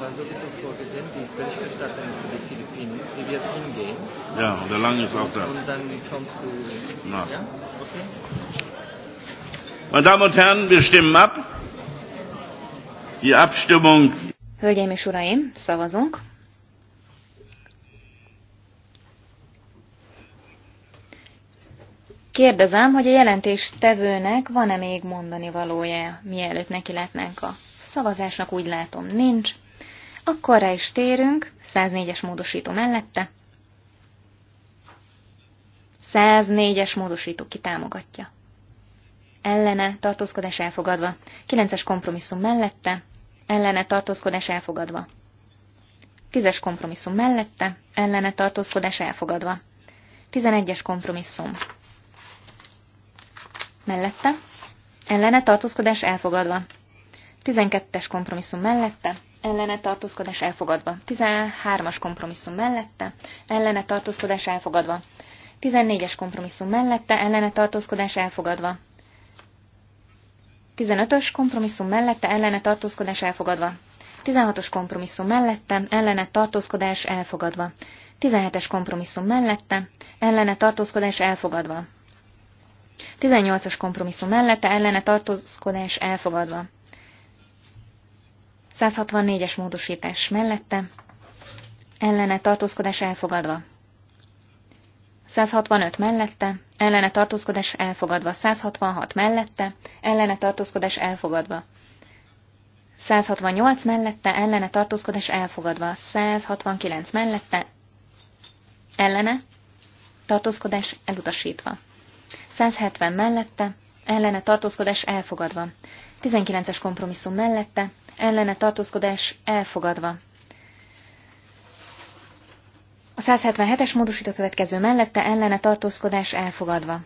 war die Berichterstatterin für die Philippinen. Sie wird hingehen. Ja, und der Lange ist auch da. Und dann kommst du. Na. Ja? Okay. Meine Damen und Herren, wir stimmen ab. Die Abstimmung. Hölgyeim és Uraim, szavazunk. Kérdezem, hogy a jelentés tevőnek van-e még mondani valója, mielőtt neki látnánk a szavazásnak, úgy látom nincs. Akkor rá is térünk, 104-es módosító mellette. 104-es módosító kitámogatja. Ellene tartózkodás elfogadva. 9-es kompromisszum mellette. Ellene tartózkodás elfogadva. 10-es kompromisszum mellette. Ellene tartózkodás elfogadva. 11-es kompromisszum. Mellette. Ellene tartózkodás elfogadva. 12-es kompromisszum mellette ellene tartózkodás elfogadva. 13-as kompromisszum mellette, ellene tartózkodás elfogadva. 14-es kompromisszum mellette, ellene tartózkodás elfogadva. 15-ös kompromisszum mellette, ellene tartózkodás elfogadva. 16-os kompromisszum mellette, ellene tartózkodás elfogadva. 17-es kompromisszum mellette, ellene tartózkodás elfogadva. 18 os kompromisszum mellette, ellene tartózkodás elfogadva. 164-es módosítás mellette, ellene tartózkodás elfogadva. 165 mellette, ellene tartózkodás elfogadva. 166 mellette, ellene tartózkodás elfogadva. 168 mellette, ellene tartózkodás elfogadva. 169 mellette, ellene tartózkodás elutasítva. 170 mellette, ellene tartózkodás elfogadva. 19-es kompromisszum mellette, ellene tartózkodás elfogadva. A 177-es módosító következő mellette ellene tartózkodás elfogadva.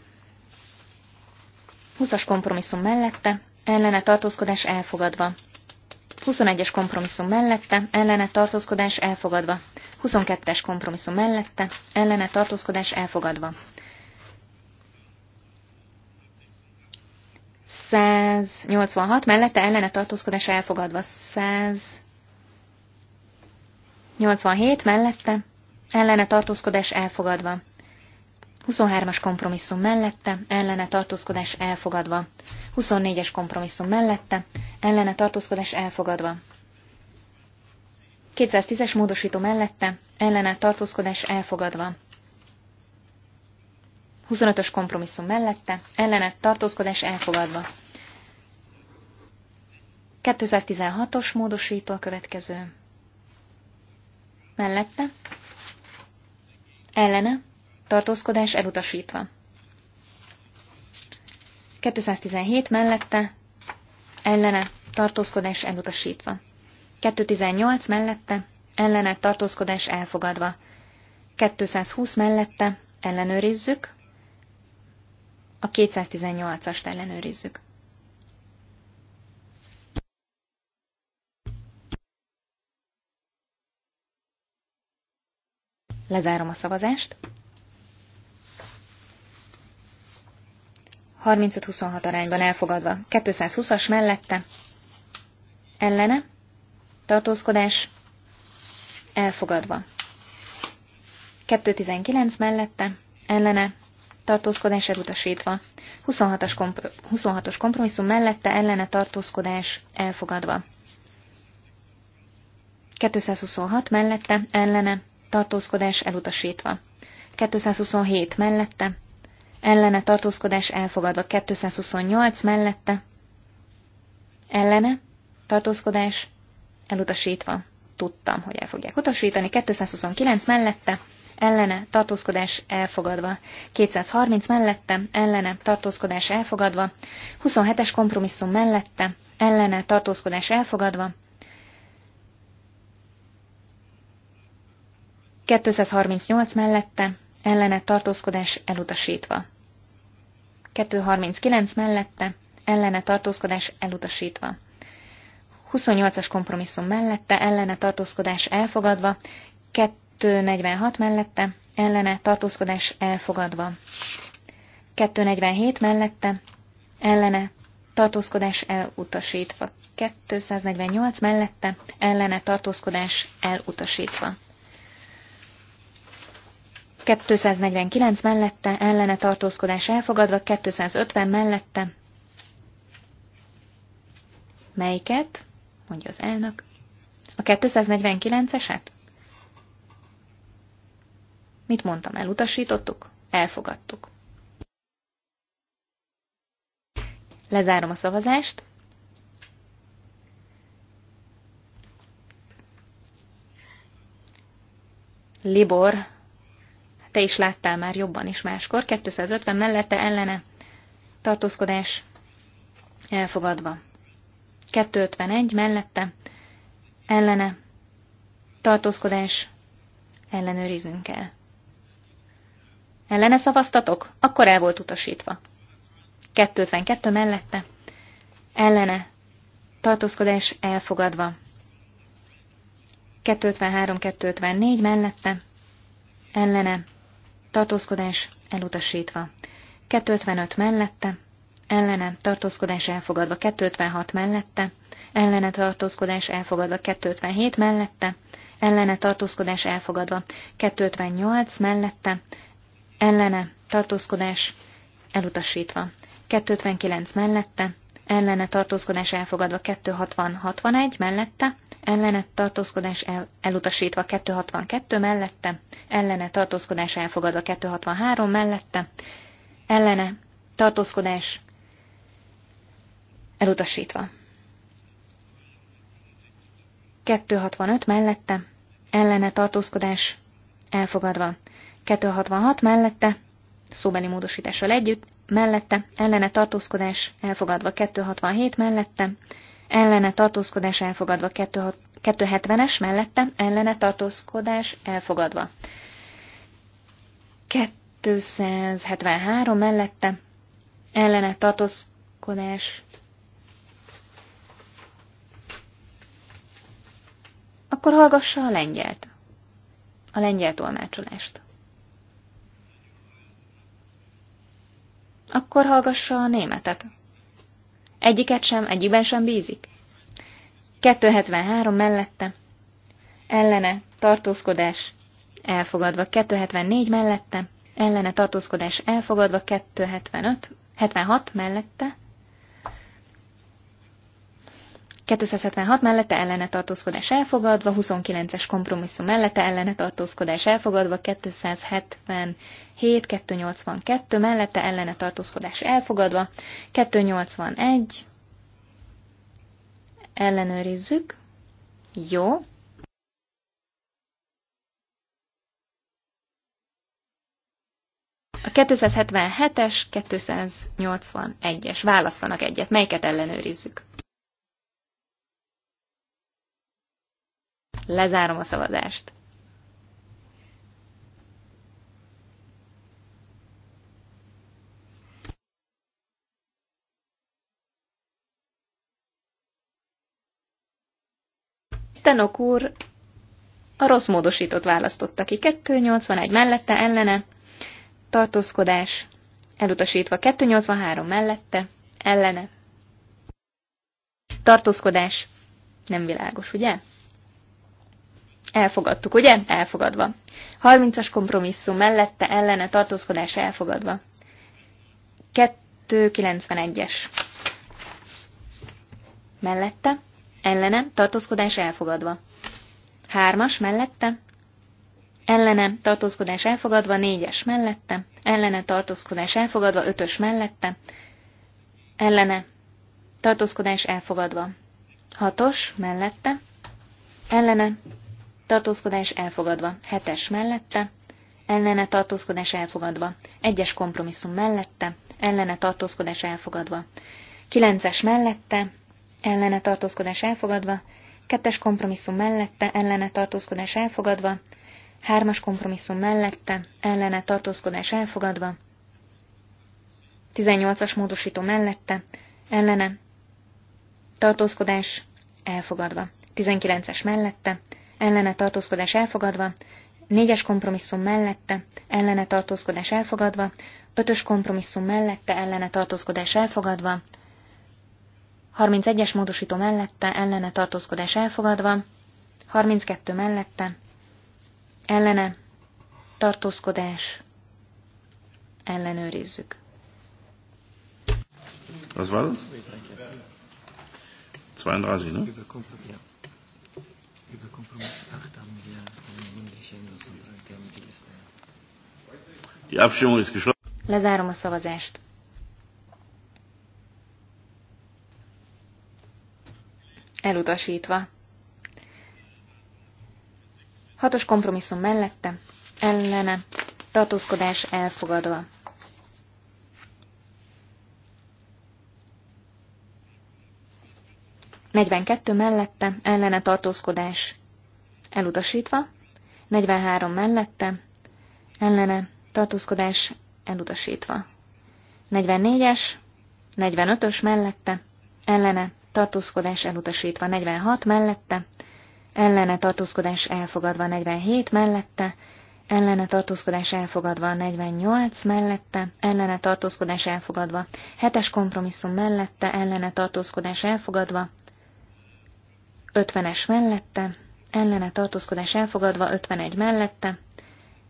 20-as kompromisszum mellette ellene tartózkodás elfogadva. 21-es kompromisszum mellette ellene tartózkodás elfogadva. 22-es kompromisszum mellette ellene tartózkodás elfogadva. 186, mellette ellene tartózkodás elfogadva 187, mellette ellene tartózkodás elfogadva. 23-as kompromisszum mellette, ellene tartózkodás elfogadva. 24-es kompromisszum mellette, ellene tartózkodás elfogadva. 210-es módosító mellette, ellene tartózkodás elfogadva. 25-ös kompromisszum mellette, ellene tartózkodás elfogadva. 2016 os módosító a következő. Mellette, ellene, tartózkodás elutasítva. 217 mellette, ellene, tartózkodás elutasítva. 218 mellette, ellene, tartózkodás elfogadva. 220 mellette, ellenőrizzük, a 218-ast ellenőrizzük. Lezárom a szavazást. 35-26 arányban elfogadva. 220-as mellette. Ellene. Tartózkodás. Elfogadva. 219 mellette. Ellene tartózkodás elutasítva. 26-os, kompro- 26 kompromisszum mellette ellene tartózkodás elfogadva. 226 mellette ellene tartózkodás elutasítva. 227 mellette ellene tartózkodás elfogadva. 228 mellette ellene tartózkodás elutasítva. Tudtam, hogy el fogják utasítani. 229 mellette ellene tartózkodás elfogadva, 230 mellette, ellene tartózkodás elfogadva, 27-es kompromisszum mellette, ellene tartózkodás elfogadva, 238 mellette, ellene tartózkodás elutasítva. 239 mellette, ellene tartózkodás elutasítva. 28-as kompromisszum mellette, ellene tartózkodás elfogadva, 246 mellette, ellene tartózkodás elfogadva. 247 mellette, ellene tartózkodás elutasítva. 248 mellette, ellene tartózkodás elutasítva. 249 mellette, ellene tartózkodás elfogadva, 250 mellette. Melyiket? mondja az elnök. A 249-eset? Mit mondtam, elutasítottuk? Elfogadtuk. Lezárom a szavazást. Libor, te is láttál már jobban is máskor, 250 mellette ellene, tartózkodás elfogadva. 251 mellette, ellene, tartózkodás ellenőrizünk el. Ellene szavaztatok? Akkor el volt utasítva. 252 mellette. Ellene. Tartózkodás elfogadva. 253-254 mellette. Ellene. Tartózkodás elutasítva. 255 mellette. Ellene. Tartózkodás elfogadva. 256 mellette. Ellene tartózkodás elfogadva. 257 mellette. Ellene tartózkodás elfogadva. 258 mellette ellene, tartózkodás elutasítva. 259 mellette, ellene tartózkodás elfogadva 260-61 mellette, ellene tartózkodás el, elutasítva 262 mellette, ellene tartózkodás elfogadva 263 mellette, ellene tartózkodás elutasítva. 265 mellette, ellene tartózkodás elfogadva. 266 mellette, szóbeli módosítással együtt, mellette, ellene tartózkodás elfogadva 267 mellette, ellene tartózkodás elfogadva 270-es mellette, ellene tartózkodás elfogadva. 273 mellette, ellene tartózkodás Akkor hallgassa a lengyelt. A lengyel tolmácsolást. akkor hallgassa a németet. Egyiket sem, egyiben sem bízik. 273 mellette. Ellene, tartózkodás, elfogadva. 274 mellette. Ellene, tartózkodás, elfogadva. 275, 76 mellette. 276 mellette ellene tartózkodás elfogadva, 29-es kompromisszum mellette ellene tartózkodás elfogadva, 277, 282 mellette ellene tartózkodás elfogadva, 281, ellenőrizzük, jó, A 277-es, 281-es. válaszolnak egyet. Melyiket ellenőrizzük? Lezárom a szavazást. Tenok úr a rossz módosított választotta ki. 281 mellette, ellene, tartózkodás, elutasítva 283 mellette, ellene. Tartózkodás. Nem világos, ugye? Elfogadtuk, ugye? Elfogadva. 30-as kompromisszum mellette ellene tartózkodás elfogadva. 291-es. Mellette ellene tartózkodás elfogadva. Hármas mellette ellene tartózkodás elfogadva, Négyes mellette ellene tartózkodás elfogadva, Ötös mellette ellene tartózkodás elfogadva. Hatos mellette ellene tartózkodás elfogadva, hetes mellette, ellene tartózkodás elfogadva, egyes kompromisszum mellette, ellene tartózkodás elfogadva, kilences mellette, ellene tartózkodás elfogadva, kettes kompromisszum mellette, ellene tartózkodás elfogadva, hármas kompromisszum mellette, ellene tartózkodás elfogadva, 18-as módosító mellette, ellene tartózkodás elfogadva, 19-es mellette, ellene tartózkodás elfogadva, négyes kompromisszum mellette, ellene tartózkodás elfogadva, ötös kompromisszum mellette, ellene tartózkodás elfogadva, 31-es módosító mellette, ellene tartózkodás elfogadva, 32 mellette, ellene tartózkodás ellenőrizzük. Az válasz? 32, ne? Über Kompromiss 8 haben wir Die Abstimmung ist geschlossen. Lezárom a szavazást. Elutasítva. Hatos kompromisszum mellette, ellene, tartózkodás elfogadva. 42 mellette ellene tartózkodás elutasítva, 43 mellette ellene tartózkodás elutasítva. 44-es, 45-ös mellette ellene tartózkodás elutasítva, 46 mellette ellene tartózkodás elfogadva, 47 mellette ellene tartózkodás elfogadva, 48 mellette, ellene tartózkodás elfogadva, 7-es kompromisszum mellette, ellene tartózkodás elfogadva, 50-es mellette, ellene tartózkodás elfogadva, 51 mellette,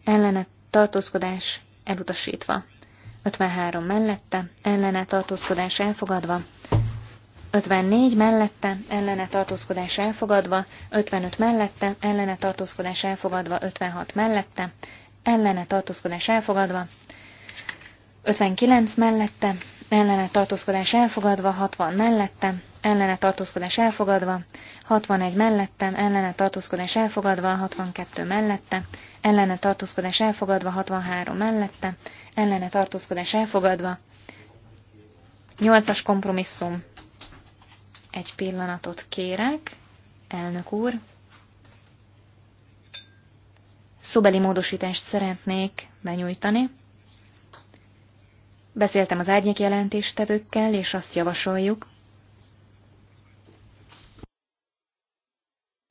ellene tartózkodás elutasítva, 53 mellette, ellene tartózkodás elfogadva, 54 mellette, ellene tartózkodás elfogadva, 55 mellette, ellene tartózkodás elfogadva, 56 mellette, ellene tartózkodás elfogadva, 59 mellette, ellene tartózkodás elfogadva, 60 mellettem, ellene tartózkodás elfogadva, 61 mellettem, ellene tartózkodás elfogadva, 62 mellette, ellene tartózkodás elfogadva, 63 mellette, ellene tartózkodás elfogadva, 8-as kompromisszum. Egy pillanatot kérek, elnök úr. Szobeli módosítást szeretnék benyújtani. Beszéltem az árnyék jelentéstevőkkel, és azt javasoljuk,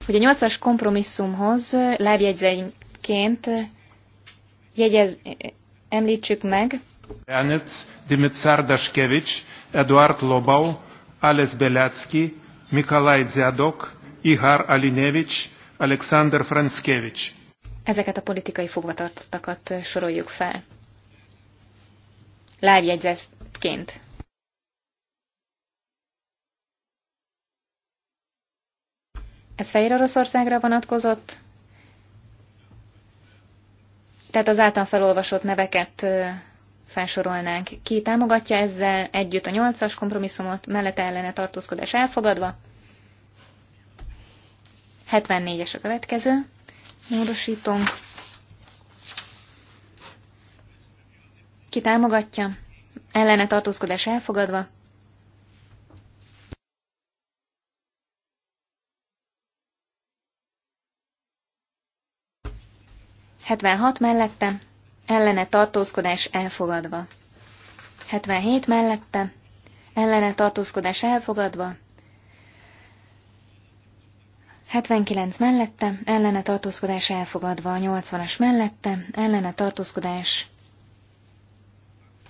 hogy a nyolcas kompromisszumhoz lábjegyzeinként jegyez, említsük meg. Janec, Dimitsár Daskevich, Eduard Lobau, Ales Belecki, Mikalaj Ziadok, Ihar Alinevics, Alexander Franskevics. Ezeket a politikai fogvatartottakat soroljuk fel lábjegyzetként. Ez Fehér Oroszországra vonatkozott, tehát az által felolvasott neveket felsorolnánk. Ki támogatja ezzel együtt a nyolcas kompromisszumot, mellette ellene tartózkodás elfogadva. 74-es a következő módosítónk Ki támogatja? Ellene tartózkodás elfogadva. Hetvenhat mellette. Ellene tartózkodás elfogadva. 77 mellette. Ellene tartózkodás elfogadva. 79 mellette, ellene tartózkodás elfogadva, 80-as mellette, ellene tartózkodás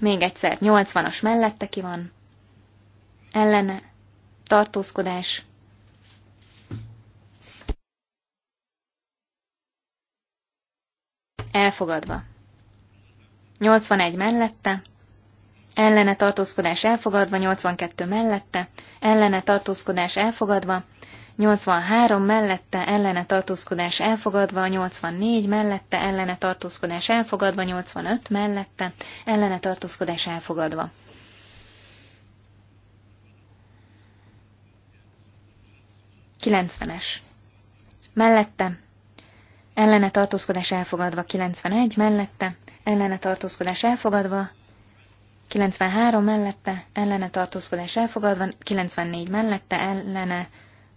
még egyszer, 80-as mellette ki van. Ellene, tartózkodás. Elfogadva. 81 mellette, ellene tartózkodás elfogadva, 82 mellette, ellene tartózkodás elfogadva, 83 mellette ellene tartózkodás elfogadva, 84 mellette ellene tartózkodás elfogadva, 85 mellette ellene tartózkodás elfogadva. Kilencvenes. Mellette. Ellene tartózkodás elfogadva 91, mellette. Ellene tartózkodás elfogadva 93 mellette, ellene tartózkodás elfogadva, 94 mellette, ellene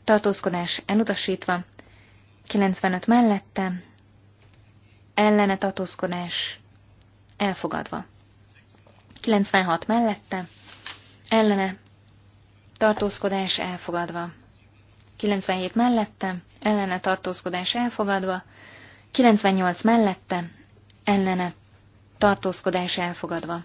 tartózkodás elutasítva, 95 mellette, ellene tartózkodás elfogadva, 96 mellette, ellene tartózkodás elfogadva, 97 mellette, ellene tartózkodás elfogadva, 98 mellette, ellene tartózkodás elfogadva,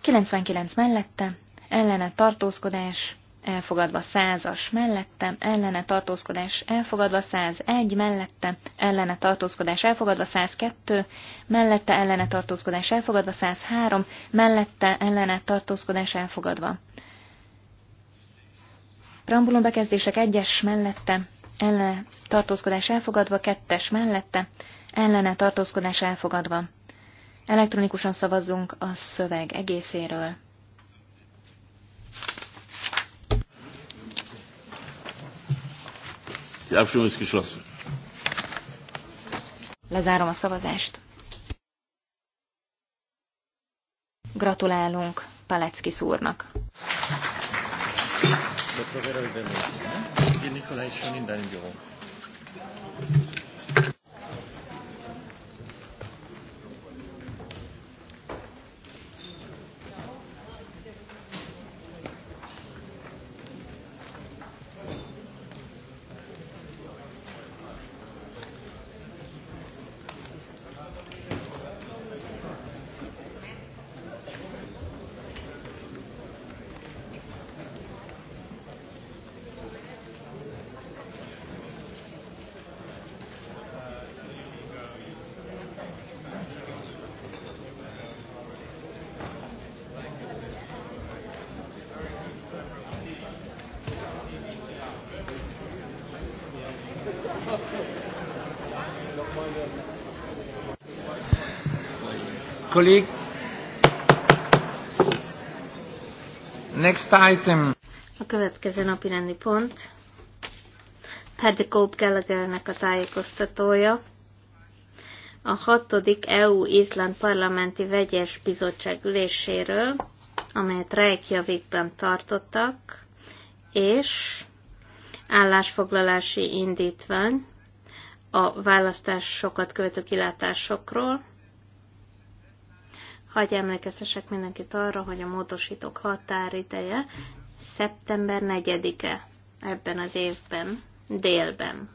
99 mellette, ellene tartózkodás elfogadva százas mellette, ellene tartózkodás elfogadva 101 mellette, ellene tartózkodás elfogadva 102, mellette ellene tartózkodás elfogadva 103, mellette ellene tartózkodás elfogadva. Prambulon bekezdések 1-es mellette, ellene tartózkodás elfogadva 2-es mellette, ellene tartózkodás elfogadva. Elektronikusan szavazzunk a szöveg egészéről. Die Abstimmung ist geschlossen. Lezárom a szavazást. Gratulálunk Palecki szúrnak. Next item. A következő napi rendi pont. Paddy Cope Gallaghernek a tájékoztatója. A hatodik EU-Izland parlamenti vegyes bizottság üléséről, amelyet Reykjavikban tartottak, és állásfoglalási indítvány a választásokat követő kilátásokról, Hagy emlékeztesek mindenkit arra, hogy a módosítók határideje szeptember 4-e ebben az évben, délben.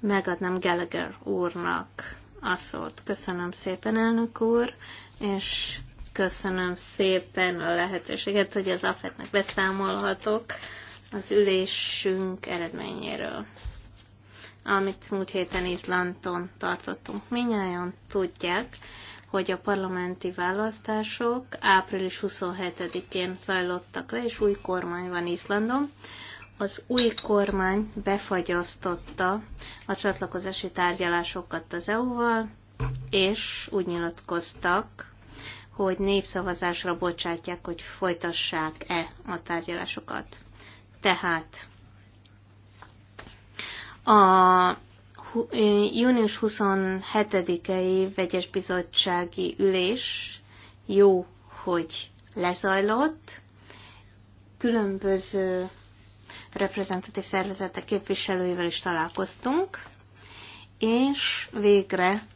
Megadnám Gallagher úrnak a szót. Köszönöm szépen, elnök úr, és köszönöm szépen a lehetőséget, hogy az AFET-nek beszámolhatok az ülésünk eredményéről amit múlt héten Izlandon tartottunk. Minnyáján tudják, hogy a parlamenti választások április 27-én zajlottak le, és új kormány van Izlandon. Az új kormány befagyasztotta a csatlakozási tárgyalásokat az EU-val, és úgy nyilatkoztak, hogy népszavazásra bocsátják, hogy folytassák-e a tárgyalásokat. Tehát a június 27-i vegyes bizottsági ülés jó, hogy lezajlott. Különböző reprezentatív szervezetek képviselőivel is találkoztunk, és végre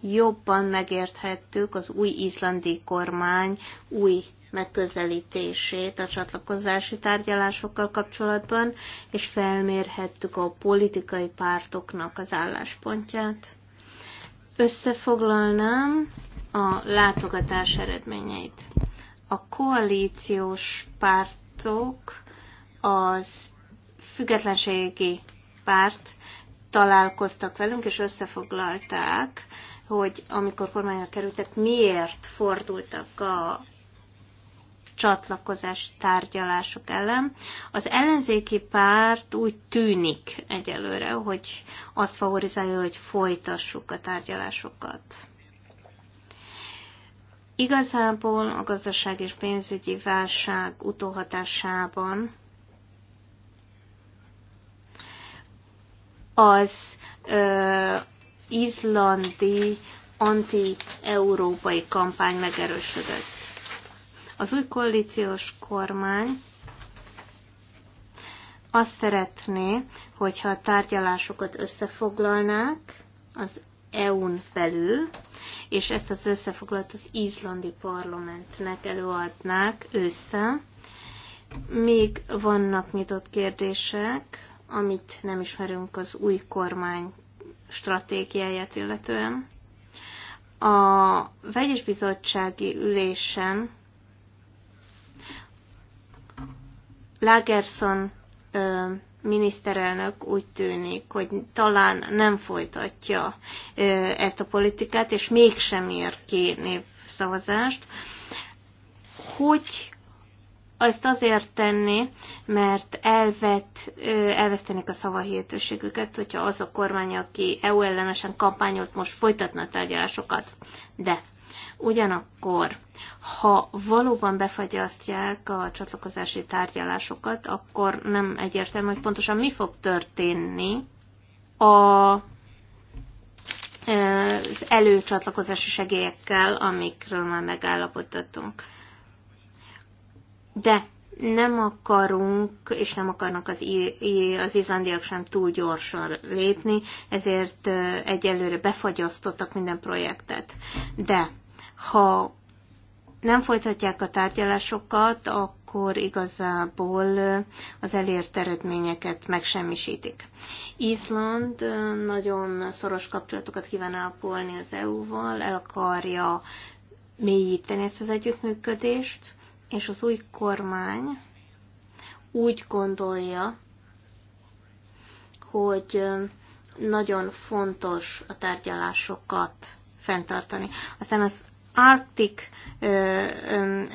jobban megérthettük az új izlandi kormány új megközelítését a csatlakozási tárgyalásokkal kapcsolatban, és felmérhettük a politikai pártoknak az álláspontját. Összefoglalnám a látogatás eredményeit. A koalíciós pártok az függetlenségi párt találkoztak velünk, és összefoglalták, hogy amikor kormányra kerültek, miért fordultak a csatlakozási tárgyalások ellen. Az ellenzéki párt úgy tűnik egyelőre, hogy azt favorizálja, hogy folytassuk a tárgyalásokat. Igazából a gazdaság és pénzügyi válság utóhatásában az ö, izlandi anti-európai kampány megerősödött. Az új koalíciós kormány azt szeretné, hogyha a tárgyalásokat összefoglalnák az EU-n belül, és ezt az összefoglalt az izlandi parlamentnek előadnák össze, Még vannak nyitott kérdések, amit nem ismerünk az új kormány stratégiáját illetően. A vegyes bizottsági ülésen Lagerson ö, miniszterelnök úgy tűnik, hogy talán nem folytatja ö, ezt a politikát, és mégsem ér ki népszavazást. Hogy ezt azért tenni, mert elvet, elvesztenék a szavahihetőségüket, hogyha az a kormány, aki EU ellenesen kampányolt, most folytatna tárgyalásokat. De Ugyanakkor, ha valóban befagyasztják a csatlakozási tárgyalásokat, akkor nem egyértelmű, hogy pontosan mi fog történni a az előcsatlakozási segélyekkel, amikről már megállapodtunk. De nem akarunk, és nem akarnak az, az izlandiak sem túl gyorsan lépni, ezért egyelőre befagyasztottak minden projektet. De ha nem folytatják a tárgyalásokat, akkor igazából az elért eredményeket megsemmisítik. Izland nagyon szoros kapcsolatokat kíván ápolni az EU-val, el akarja mélyíteni ezt az együttműködést, és az új kormány úgy gondolja, hogy nagyon fontos a tárgyalásokat fenntartani. Aztán az Arctic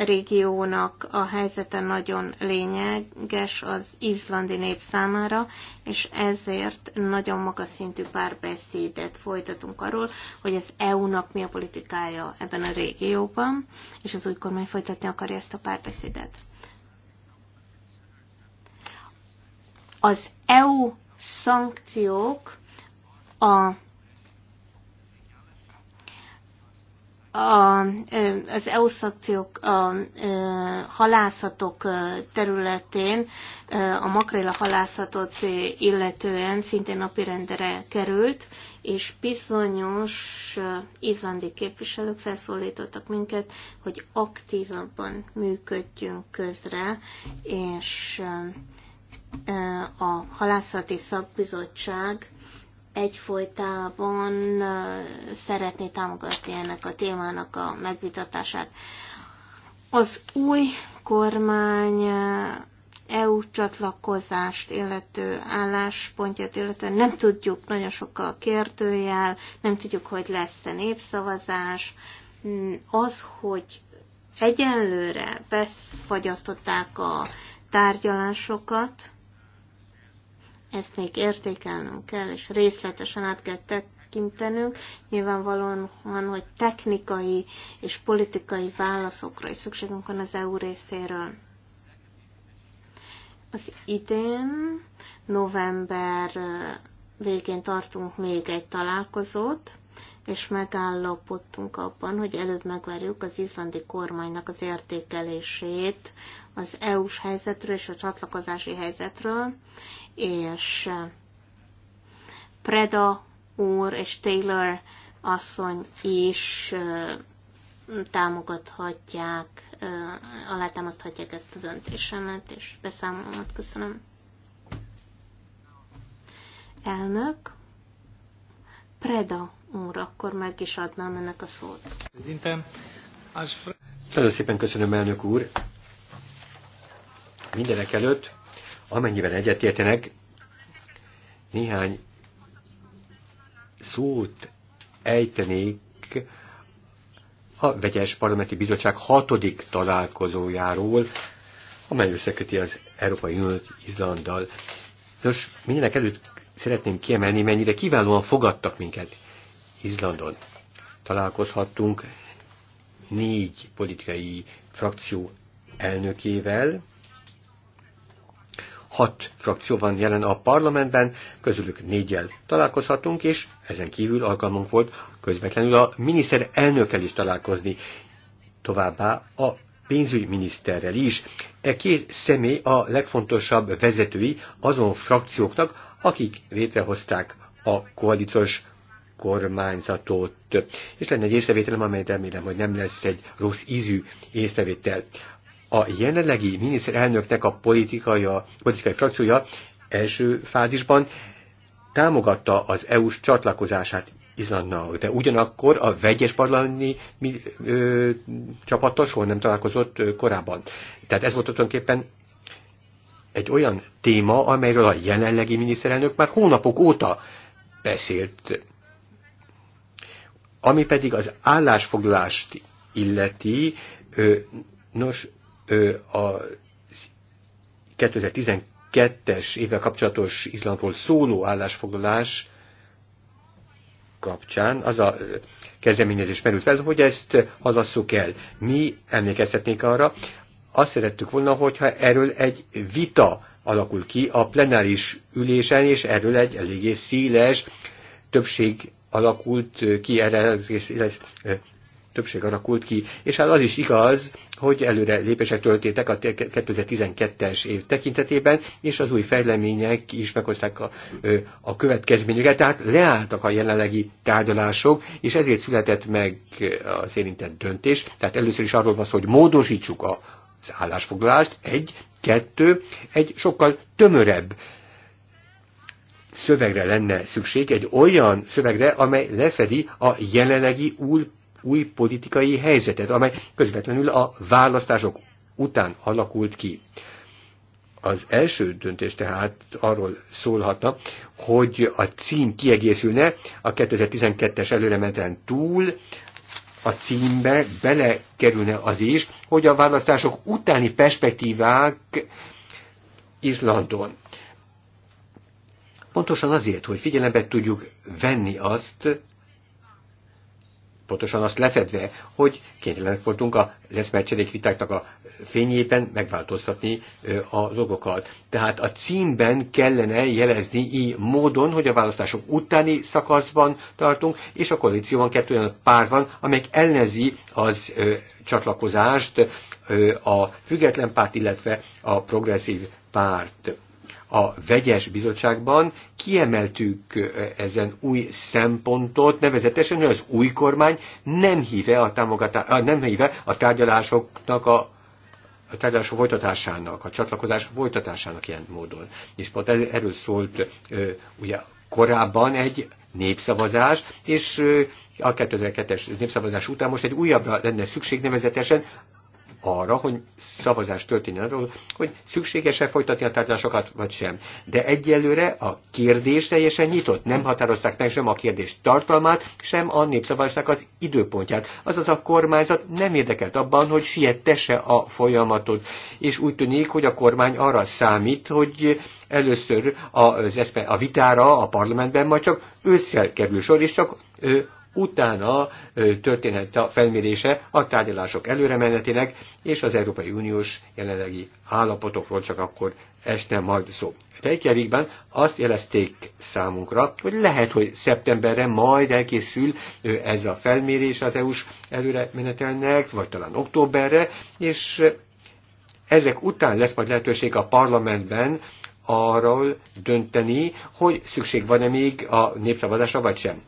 régiónak a helyzete nagyon lényeges az izlandi nép számára, és ezért nagyon magas szintű párbeszédet folytatunk arról, hogy az EU-nak mi a politikája ebben a régióban, és az új kormány folytatni akarja ezt a párbeszédet. Az EU szankciók a a, az EU szakciók a, a, halászatok területén a makréla halászatot illetően szintén napirendre került, és bizonyos izlandi képviselők felszólítottak minket, hogy aktívabban működjünk közre, és a halászati szakbizottság egyfolytában szeretné támogatni ennek a témának a megvitatását. Az új kormány EU csatlakozást illető álláspontját, illetve nem tudjuk, nagyon sokkal kérdőjel, nem tudjuk, hogy lesz-e népszavazás. Az, hogy egyenlőre beszfagyasztották a tárgyalásokat, ezt még értékelnünk kell, és részletesen át kell tekintenünk. Nyilvánvalóan van, hogy technikai és politikai válaszokra is szükségünk van az EU részéről. Az idén november végén tartunk még egy találkozót, és megállapodtunk abban, hogy előbb megvárjuk az izlandi kormánynak az értékelését az EU-s helyzetről és a csatlakozási helyzetről, és Preda úr és Taylor asszony is támogathatják, alátámaszthatják ezt a döntésemet, és beszámolomat köszönöm. Elnök, Preda úr, akkor meg is adnám ennek a szót. Nagyon szépen köszönöm, elnök úr. Mindenek előtt, amennyiben egyetértenek, néhány szót ejtenék a vegyes parlamenti bizottság hatodik találkozójáról, amely összeköti az Európai Uniót Izlanddal. Nos, mindenek előtt szeretném kiemelni, mennyire kiválóan fogadtak minket. Izlandon találkozhattunk négy politikai frakció elnökével. Hat frakció van jelen a parlamentben, közülük négyel találkozhatunk, és ezen kívül alkalmunk volt közvetlenül a miniszter elnökkel is találkozni, továbbá a pénzügyminiszterrel is. E két személy a legfontosabb vezetői azon frakcióknak, akik létrehozták a koalíciós kormányzatot. És lenne egy észrevételem, amely remélem, hogy nem lesz egy rossz ízű észrevétel. A jelenlegi miniszterelnöknek a politikai, a politikai frakciója első fázisban támogatta az EU-s csatlakozását Izlandnak, de ugyanakkor a vegyes parlamenti csapattal soha nem találkozott ö, korábban. Tehát ez volt tulajdonképpen egy olyan téma, amelyről a jelenlegi miniszterelnök már hónapok óta beszélt. Ami pedig az állásfoglalást illeti, nos, a 2012-es évvel kapcsolatos Izlandról szóló állásfoglalás kapcsán az a kezdeményezés merült fel, hogy ezt halasszuk el. Mi emlékeztetnénk arra, azt szerettük volna, hogyha erről egy vita alakul ki a plenáris ülésen, és erről egy eléggé széles többség alakult ki, erre többség alakult ki, és hát az is igaz, hogy előre lépések történtek a 2012-es év tekintetében, és az új fejlemények is meghozták a, a következményeket, tehát leálltak a jelenlegi tárgyalások, és ezért született meg az érintett döntés, tehát először is arról van szó, hogy módosítsuk az állásfoglalást, egy, kettő, egy sokkal tömörebb szövegre lenne szükség, egy olyan szövegre, amely lefedi a jelenlegi új, új politikai helyzetet, amely közvetlenül a választások után alakult ki. Az első döntés tehát arról szólhatna, hogy a cím kiegészülne a 2012-es előremeten túl, a címbe belekerülne az is, hogy a választások utáni perspektívák Izlandon Pontosan azért, hogy figyelembe tudjuk venni azt, pontosan azt lefedve, hogy kénytelenek voltunk a leszmercserék vitáknak a fényében megváltoztatni a logokat. Tehát a címben kellene jelezni így módon, hogy a választások utáni szakaszban tartunk, és a koalícióban kettő olyan pár van, amelyek ellenzi az ö, csatlakozást ö, a független párt, illetve a progresszív párt a vegyes bizottságban kiemeltük ezen új szempontot, nevezetesen, hogy az új kormány nem híve a, támogatá- nem híve a tárgyalásoknak a a tárgyalások folytatásának, a csatlakozás folytatásának ilyen módon. És pont erről szólt ugye korábban egy népszavazás, és a 2002-es népszavazás után most egy újabbra lenne szükség, nevezetesen arra, hogy szavazás történjen arról, hogy szükséges-e folytatni a tárgyalásokat, vagy sem. De egyelőre a kérdés teljesen nyitott. Nem határozták meg sem a kérdés tartalmát, sem a népszavazásnak az időpontját. Azaz a kormányzat nem érdekelt abban, hogy siettesse a folyamatot. És úgy tűnik, hogy a kormány arra számít, hogy először a, a vitára a parlamentben majd csak ősszel kerül sor, és csak utána történhet a felmérése a tárgyalások előremenetének, és az Európai Uniós jelenlegi állapotokról csak akkor este majd szó. Reykjavikben azt jelezték számunkra, hogy lehet, hogy szeptemberre majd elkészül ez a felmérés az EU-s előremenetelnek, vagy talán októberre, és ezek után lesz majd lehetőség a parlamentben arról dönteni, hogy szükség van-e még a népszavazásra, vagy sem.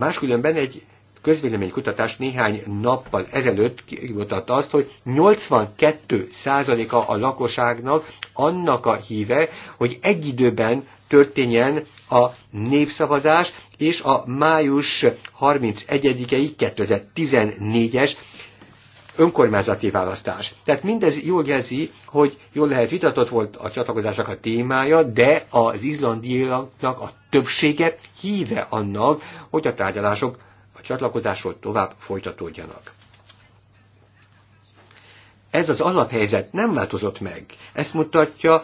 Máskülönben egy közvéleménykutatás néhány nappal ezelőtt kimutatta azt, hogy 82%-a a lakosságnak annak a híve, hogy egy időben történjen a népszavazás és a május 31-i 2014-es önkormányzati választás. Tehát mindez jól jelzi, hogy jól lehet vitatott volt a csatlakozásnak a témája, de az izlandiaknak a többsége híve annak, hogy a tárgyalások a csatlakozásról tovább folytatódjanak. Ez az alaphelyzet nem változott meg. Ezt mutatja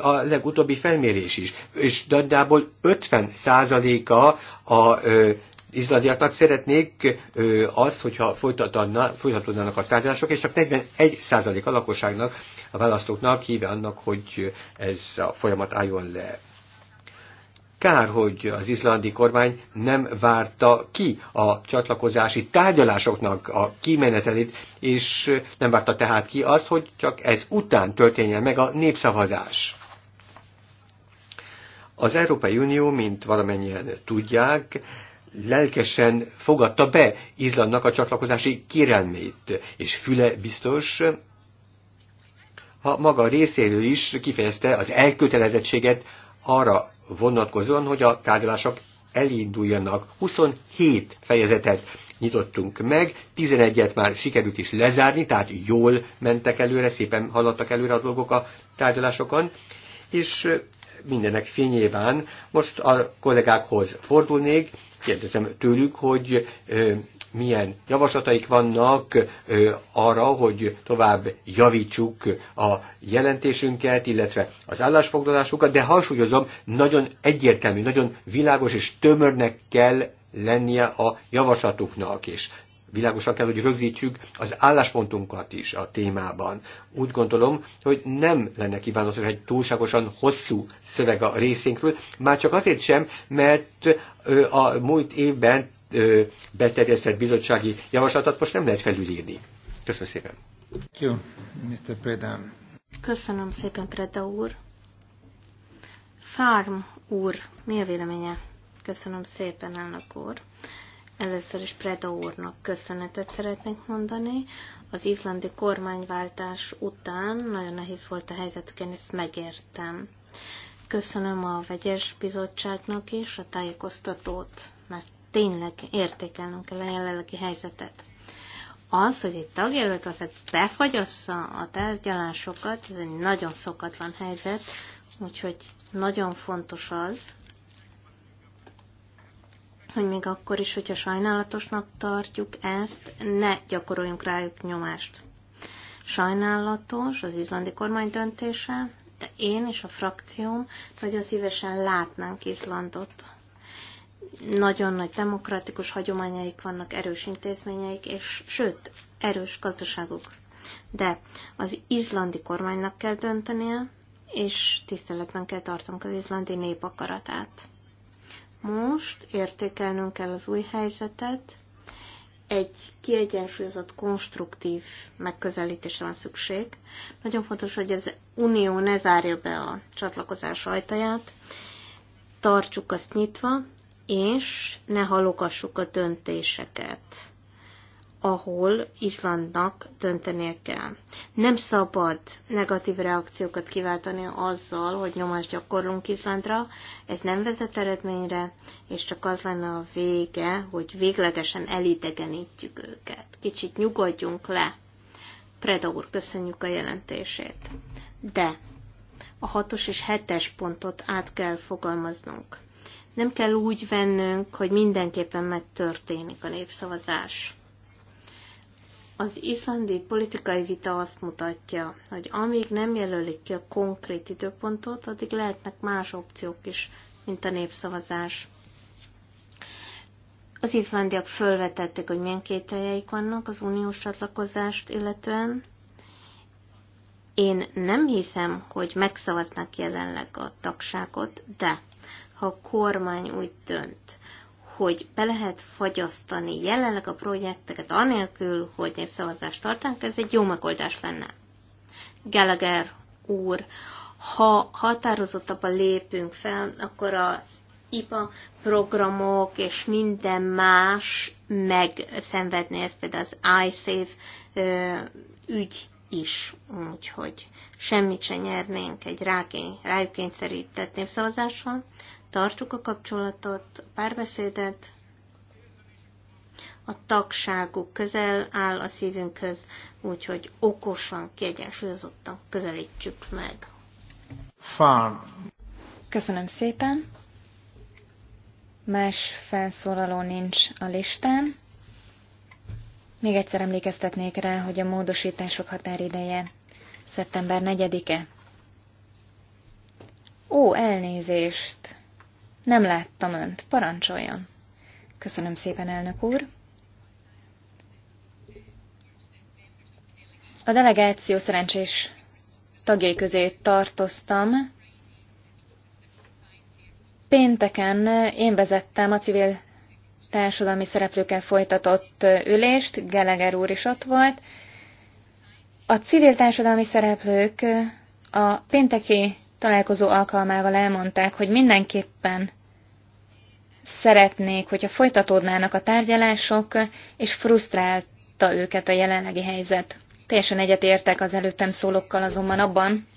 a legutóbbi felmérés is. És nagyjából 50%-a a, a izlandiaknak szeretnék az, hogyha folytatódnának a tárgyalások, és csak 41% a lakosságnak, a választóknak híve annak, hogy ez a folyamat álljon le. Kár, hogy az izlandi kormány nem várta ki a csatlakozási tárgyalásoknak a kimenetelét, és nem várta tehát ki azt, hogy csak ez után történjen meg a népszavazás. Az Európai Unió, mint valamennyien tudják, lelkesen fogadta be Izlandnak a csatlakozási kérelmét, és Füle biztos ha maga részéről is kifejezte az elkötelezettséget arra vonatkozóan, hogy a tárgyalások elinduljanak. 27 fejezetet nyitottunk meg, 11-et már sikerült is lezárni, tehát jól mentek előre, szépen haladtak előre a dolgok a tárgyalásokon, és mindenek fényében most a kollégákhoz fordulnék, kérdezem tőlük, hogy milyen javaslataik vannak arra, hogy tovább javítsuk a jelentésünket, illetve az állásfoglalásukat, de hangsúlyozom, nagyon egyértelmű, nagyon világos és tömörnek kell lennie a javaslatuknak, és világosan kell, hogy rögzítsük az álláspontunkat is a témában. Úgy gondolom, hogy nem lenne kívánatos egy túlságosan hosszú szöveg a részénkről, már csak azért sem, mert a múlt évben beterjesztett bizottsági javaslatot most nem lehet felülírni. Köszönöm szépen. Thank Mr. Preda. Köszönöm szépen, Preda úr. Farm úr, mi a véleménye? Köszönöm szépen, elnök úr. Először is Preda úrnak köszönetet szeretnék mondani. Az izlandi kormányváltás után nagyon nehéz volt a helyzetük, én ezt megértem. Köszönöm a vegyes bizottságnak is a tájékoztatót, mert tényleg értékelnünk kell a jelenlegi helyzetet. Az, hogy egy tagjelölt azért befagyassza a tárgyalásokat, ez egy nagyon szokatlan helyzet, úgyhogy nagyon fontos az, hogy még akkor is, hogyha sajnálatosnak tartjuk ezt, ne gyakoroljunk rájuk nyomást. Sajnálatos az izlandi kormány döntése, de én és a frakcióm nagyon szívesen látnánk Izlandot. Nagyon nagy demokratikus hagyományaik vannak, erős intézményeik, és sőt, erős gazdaságuk. De az izlandi kormánynak kell döntenie, és tiszteletben kell tartanunk az izlandi nép akaratát. Most értékelnünk kell az új helyzetet, egy kiegyensúlyozott, konstruktív megközelítésre van szükség. Nagyon fontos, hogy az Unió ne zárja be a csatlakozás ajtaját, tartsuk azt nyitva, és ne halogassuk a döntéseket ahol Izlandnak döntenie kell. Nem szabad negatív reakciókat kiváltani azzal, hogy nyomást gyakorlunk Izlandra, ez nem vezet eredményre, és csak az lenne a vége, hogy véglegesen elidegenítjük őket. Kicsit nyugodjunk le. Preda úr, köszönjük a jelentését. De a hatos és hetes pontot át kell fogalmaznunk. Nem kell úgy vennünk, hogy mindenképpen megtörténik a népszavazás az izlandi politikai vita azt mutatja, hogy amíg nem jelölik ki a konkrét időpontot, addig lehetnek más opciók is, mint a népszavazás. Az izlandiak fölvetették, hogy milyen kételjeik vannak az uniós csatlakozást illetően. Én nem hiszem, hogy megszavaznak jelenleg a tagságot, de ha a kormány úgy dönt, hogy be lehet fagyasztani jelenleg a projekteket anélkül, hogy népszavazást tartanak, ez egy jó megoldás lenne. Gallagher úr, ha határozottabban lépünk fel, akkor az IPA programok és minden más megszenvedné, ez például az iSafe ügy is, úgyhogy semmit se nyernénk egy rájuk kényszerített népszavazással, tartsuk a kapcsolatot, a párbeszédet, a tagságuk közel áll a szívünkhöz, úgyhogy okosan, kiegyensúlyozottan közelítsük meg. Fán. Köszönöm szépen. Más felszólaló nincs a listán. Még egyszer emlékeztetnék rá, hogy a módosítások határideje szeptember 4-e. Ó, elnézést! Nem láttam önt. Parancsoljon. Köszönöm szépen, elnök úr. A delegáció szerencsés tagjai közé tartoztam. Pénteken én vezettem a civil társadalmi szereplőkkel folytatott ülést, Geleger úr is ott volt. A civil társadalmi szereplők a pénteki találkozó alkalmával elmondták, hogy mindenképpen szeretnék, hogyha folytatódnának a tárgyalások, és frusztrálta őket a jelenlegi helyzet. Teljesen egyetértek az előttem szólókkal azonban abban,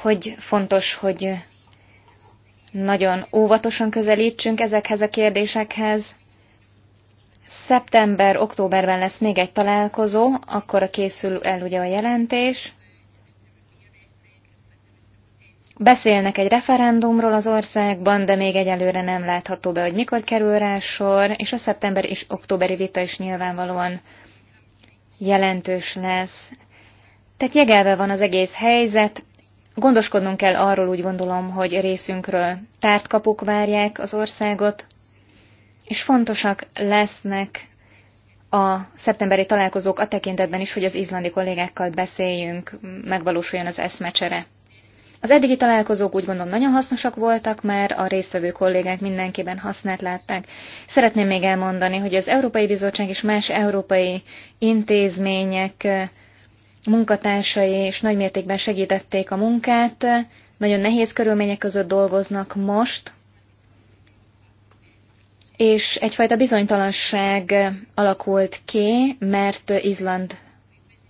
hogy fontos, hogy nagyon óvatosan közelítsünk ezekhez a kérdésekhez. Szeptember-októberben lesz még egy találkozó, akkor készül el ugye a jelentés, Beszélnek egy referendumról az országban, de még egyelőre nem látható be, hogy mikor kerül rá sor, és a szeptember és októberi vita is nyilvánvalóan jelentős lesz. Tehát jegelve van az egész helyzet, gondoskodnunk kell arról, úgy gondolom, hogy részünkről tártkapuk várják az országot, és fontosak lesznek a szeptemberi találkozók a tekintetben is, hogy az izlandi kollégákkal beszéljünk, megvalósuljon az eszmecsere. Az eddigi találkozók úgy gondolom nagyon hasznosak voltak, mert a résztvevő kollégák mindenképpen hasznát látták. Szeretném még elmondani, hogy az Európai Bizottság és más európai intézmények eh, munkatársai és nagymértékben segítették a munkát. Nagyon nehéz körülmények között dolgoznak most, és egyfajta bizonytalanság eh, alakult ki, mert Izland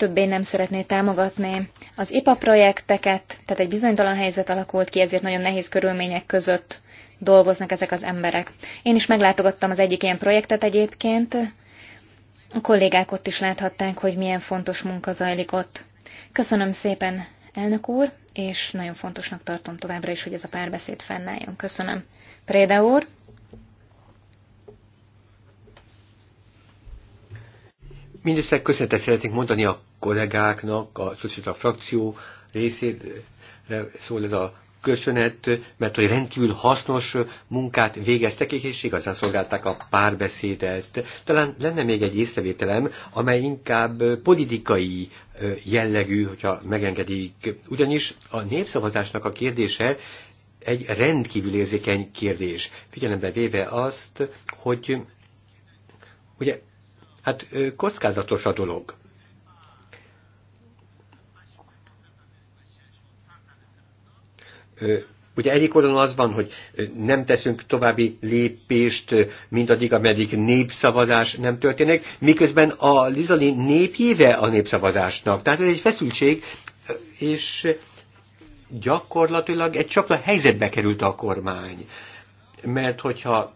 többé nem szeretné támogatni az IPA projekteket, tehát egy bizonytalan helyzet alakult ki, ezért nagyon nehéz körülmények között dolgoznak ezek az emberek. Én is meglátogattam az egyik ilyen projektet egyébként, a kollégák ott is láthatták, hogy milyen fontos munka zajlik ott. Köszönöm szépen, elnök úr, és nagyon fontosnak tartom továbbra is, hogy ez a párbeszéd fennálljon. Köszönöm. Préde úr! Mindössze köszönetet szeretnék mondani a kollégáknak, a szocialista frakció részére szól ez a köszönet, mert hogy rendkívül hasznos munkát végeztek, és igazán szolgálták a párbeszédet. Talán lenne még egy észrevételem, amely inkább politikai jellegű, hogyha megengedik. Ugyanis a népszavazásnak a kérdése egy rendkívül érzékeny kérdés. Figyelembe véve azt, hogy ugye Hát kockázatos a dolog. Ugye egyik oldalon az van, hogy nem teszünk további lépést, mindaddig, ameddig népszavazás nem történik, miközben a Lizali népjéve a népszavazásnak. Tehát ez egy feszültség, és gyakorlatilag egy csapla helyzetbe került a kormány. Mert hogyha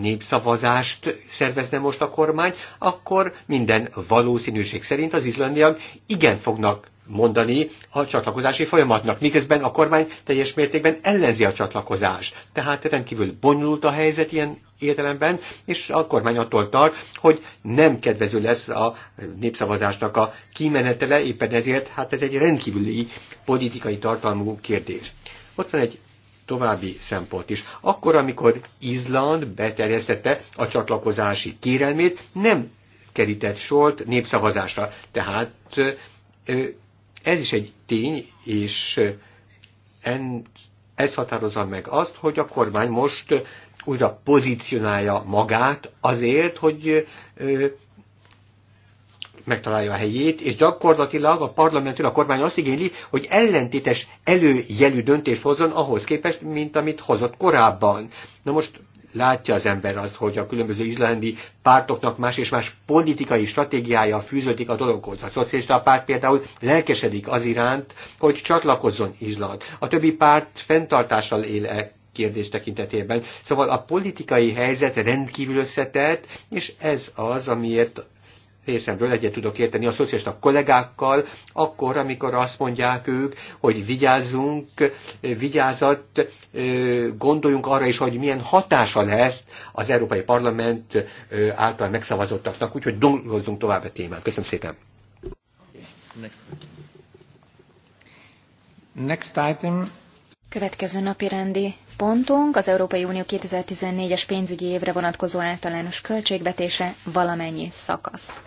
népszavazást szervezne most a kormány, akkor minden valószínűség szerint az izlandiak igen fognak mondani a csatlakozási folyamatnak, miközben a kormány teljes mértékben ellenzi a csatlakozást. Tehát rendkívül bonyolult a helyzet ilyen értelemben, és a kormány attól tart, hogy nem kedvező lesz a népszavazásnak a kimenetele, éppen ezért hát ez egy rendkívüli politikai tartalmú kérdés. Ott van egy további szempont is. Akkor, amikor Izland beterjesztette a csatlakozási kérelmét, nem kerített sort népszavazásra. Tehát ez is egy tény, és en, ez határozza meg azt, hogy a kormány most újra pozícionálja magát azért, hogy megtalálja a helyét, és gyakorlatilag a parlamenttől a kormány azt igényli, hogy ellentétes előjelű döntést hozzon ahhoz képest, mint amit hozott korábban. Na most látja az ember azt, hogy a különböző izlandi pártoknak más és más politikai stratégiája fűződik a dologhoz. A szocialista párt például lelkesedik az iránt, hogy csatlakozzon Izland. A többi párt fenntartással él -e kérdés tekintetében. Szóval a politikai helyzet rendkívül összetett, és ez az, amiért részemről egyet tudok érteni a szocialista kollégákkal, akkor, amikor azt mondják ők, hogy vigyázzunk, vigyázat, gondoljunk arra is, hogy milyen hatása lesz az Európai Parlament által megszavazottaknak, úgyhogy dolgozzunk tovább a témán. Köszönöm szépen. Next. Next item. Következő napi rendi pontunk az Európai Unió 2014-es pénzügyi évre vonatkozó általános költségvetése valamennyi szakasz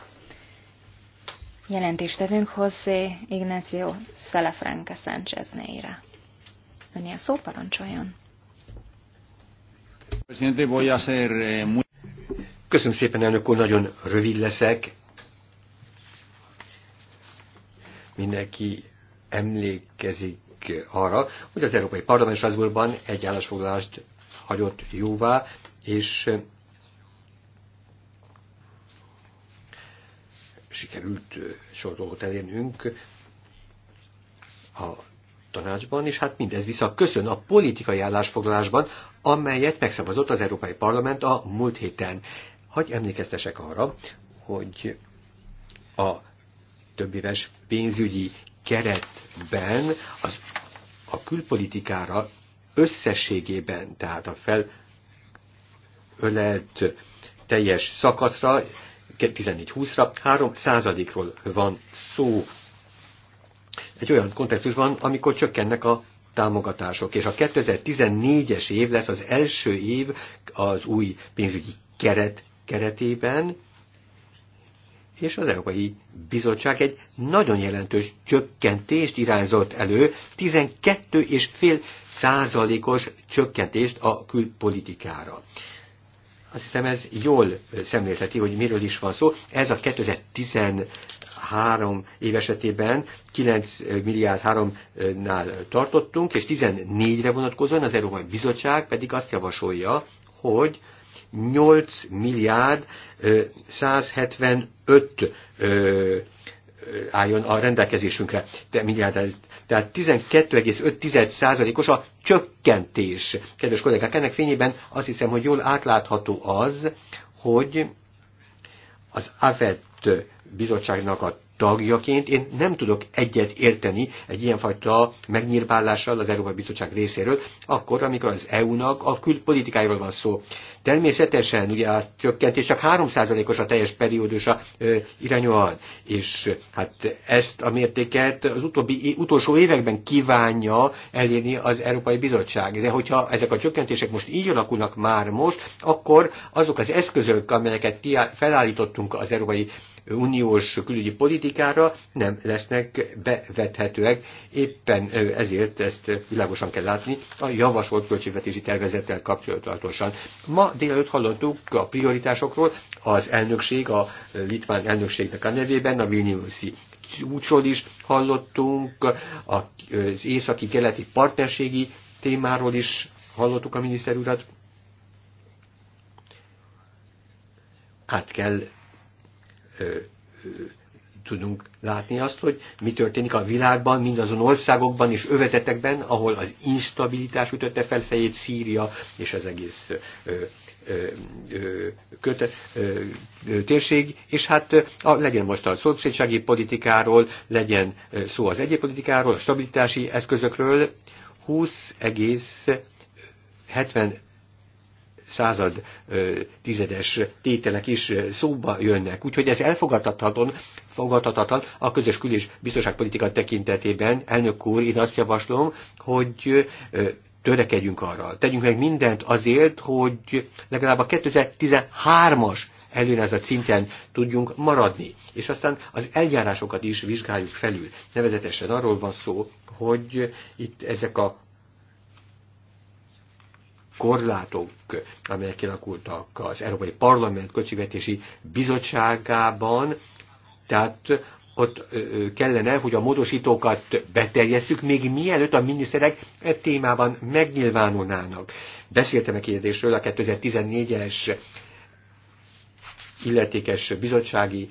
jelentéstevünk José Ignacio Szelefranke Sánchez Neira. Önnyi a szó parancsoljon. Eh, Köszönöm szépen, elnök úr, nagyon rövid leszek. Mindenki emlékezik arra, hogy az Európai Parlament Strasbourgban egy állásfoglalást hagyott jóvá, és sikerült sor dolgot elérnünk a tanácsban, és hát mindez köszön a politikai állásfoglalásban, amelyet megszavazott az Európai Parlament a múlt héten. Hogy emlékeztesek arra, hogy a többéves pénzügyi keretben az, a külpolitikára összességében, tehát a felölelt teljes szakaszra 14-20-ra 3 százalékról van szó. Egy olyan kontextusban, amikor csökkennek a támogatások, és a 2014-es év lesz az első év az új pénzügyi keret keretében, és az Európai Bizottság egy nagyon jelentős csökkentést irányzott elő, 12,5 százalékos csökkentést a külpolitikára. Azt hiszem ez jól szemlélteti, hogy miről is van szó. Ez a 2013 év esetében 9 milliárd 3-nál tartottunk, és 14-re vonatkozóan az Európai Bizottság pedig azt javasolja, hogy 8 milliárd 175 álljon a rendelkezésünkre, de milliárd tehát 12,5%-os a csökkentés. Kedves kollégák, ennek fényében azt hiszem, hogy jól átlátható az, hogy az AFET bizottságnak a tagjaként én nem tudok egyet érteni egy ilyenfajta megnyírbálással az Európai Bizottság részéről, akkor, amikor az EU-nak a külpolitikáiról van szó. Természetesen ugye a csökkentés csak 3%-os a teljes periódusa ö, irányúan, és hát ezt a mértéket az utóbbi, utolsó években kívánja elérni az Európai Bizottság. De hogyha ezek a csökkentések most így alakulnak már most, akkor azok az eszközök, amelyeket felállítottunk az Európai uniós külügyi politikára nem lesznek bevethetőek. Éppen ezért ezt világosan kell látni a javasolt költségvetési tervezettel kapcsolatosan. Ma délelőtt hallottuk a prioritásokról, az elnökség, a litván elnökségnek a nevében, a Vilniuszi úcsról is hallottunk, az északi-keleti partnerségi témáról is hallottuk a miniszter urat. Át kell tudunk látni azt, hogy mi történik a világban, mindazon országokban és övezetekben, ahol az instabilitás ütötte fel fejét Szíria és az egész ö, köte, ö, térség, és hát a, legyen most a szomszédsági politikáról, legyen szó az egyéb politikáról, a stabilitási eszközökről, 20,70 század tizedes tételek is szóba jönnek. Úgyhogy ez elfogadhatatlan, fogadhatatlan a közös kül- és biztonságpolitika tekintetében. Elnök úr, én azt javaslom, hogy törekedjünk arra. Tegyünk meg mindent azért, hogy legalább a 2013-as a szinten tudjunk maradni. És aztán az eljárásokat is vizsgáljuk felül. Nevezetesen arról van szó, hogy itt ezek a korlátok, amelyek kialakultak az Európai Parlament Költségvetési Bizottságában, tehát ott kellene, hogy a módosítókat beterjesszük, még mielőtt a miniszterek e témában megnyilvánulnának. Beszéltem a kérdésről a 2014-es illetékes bizottsági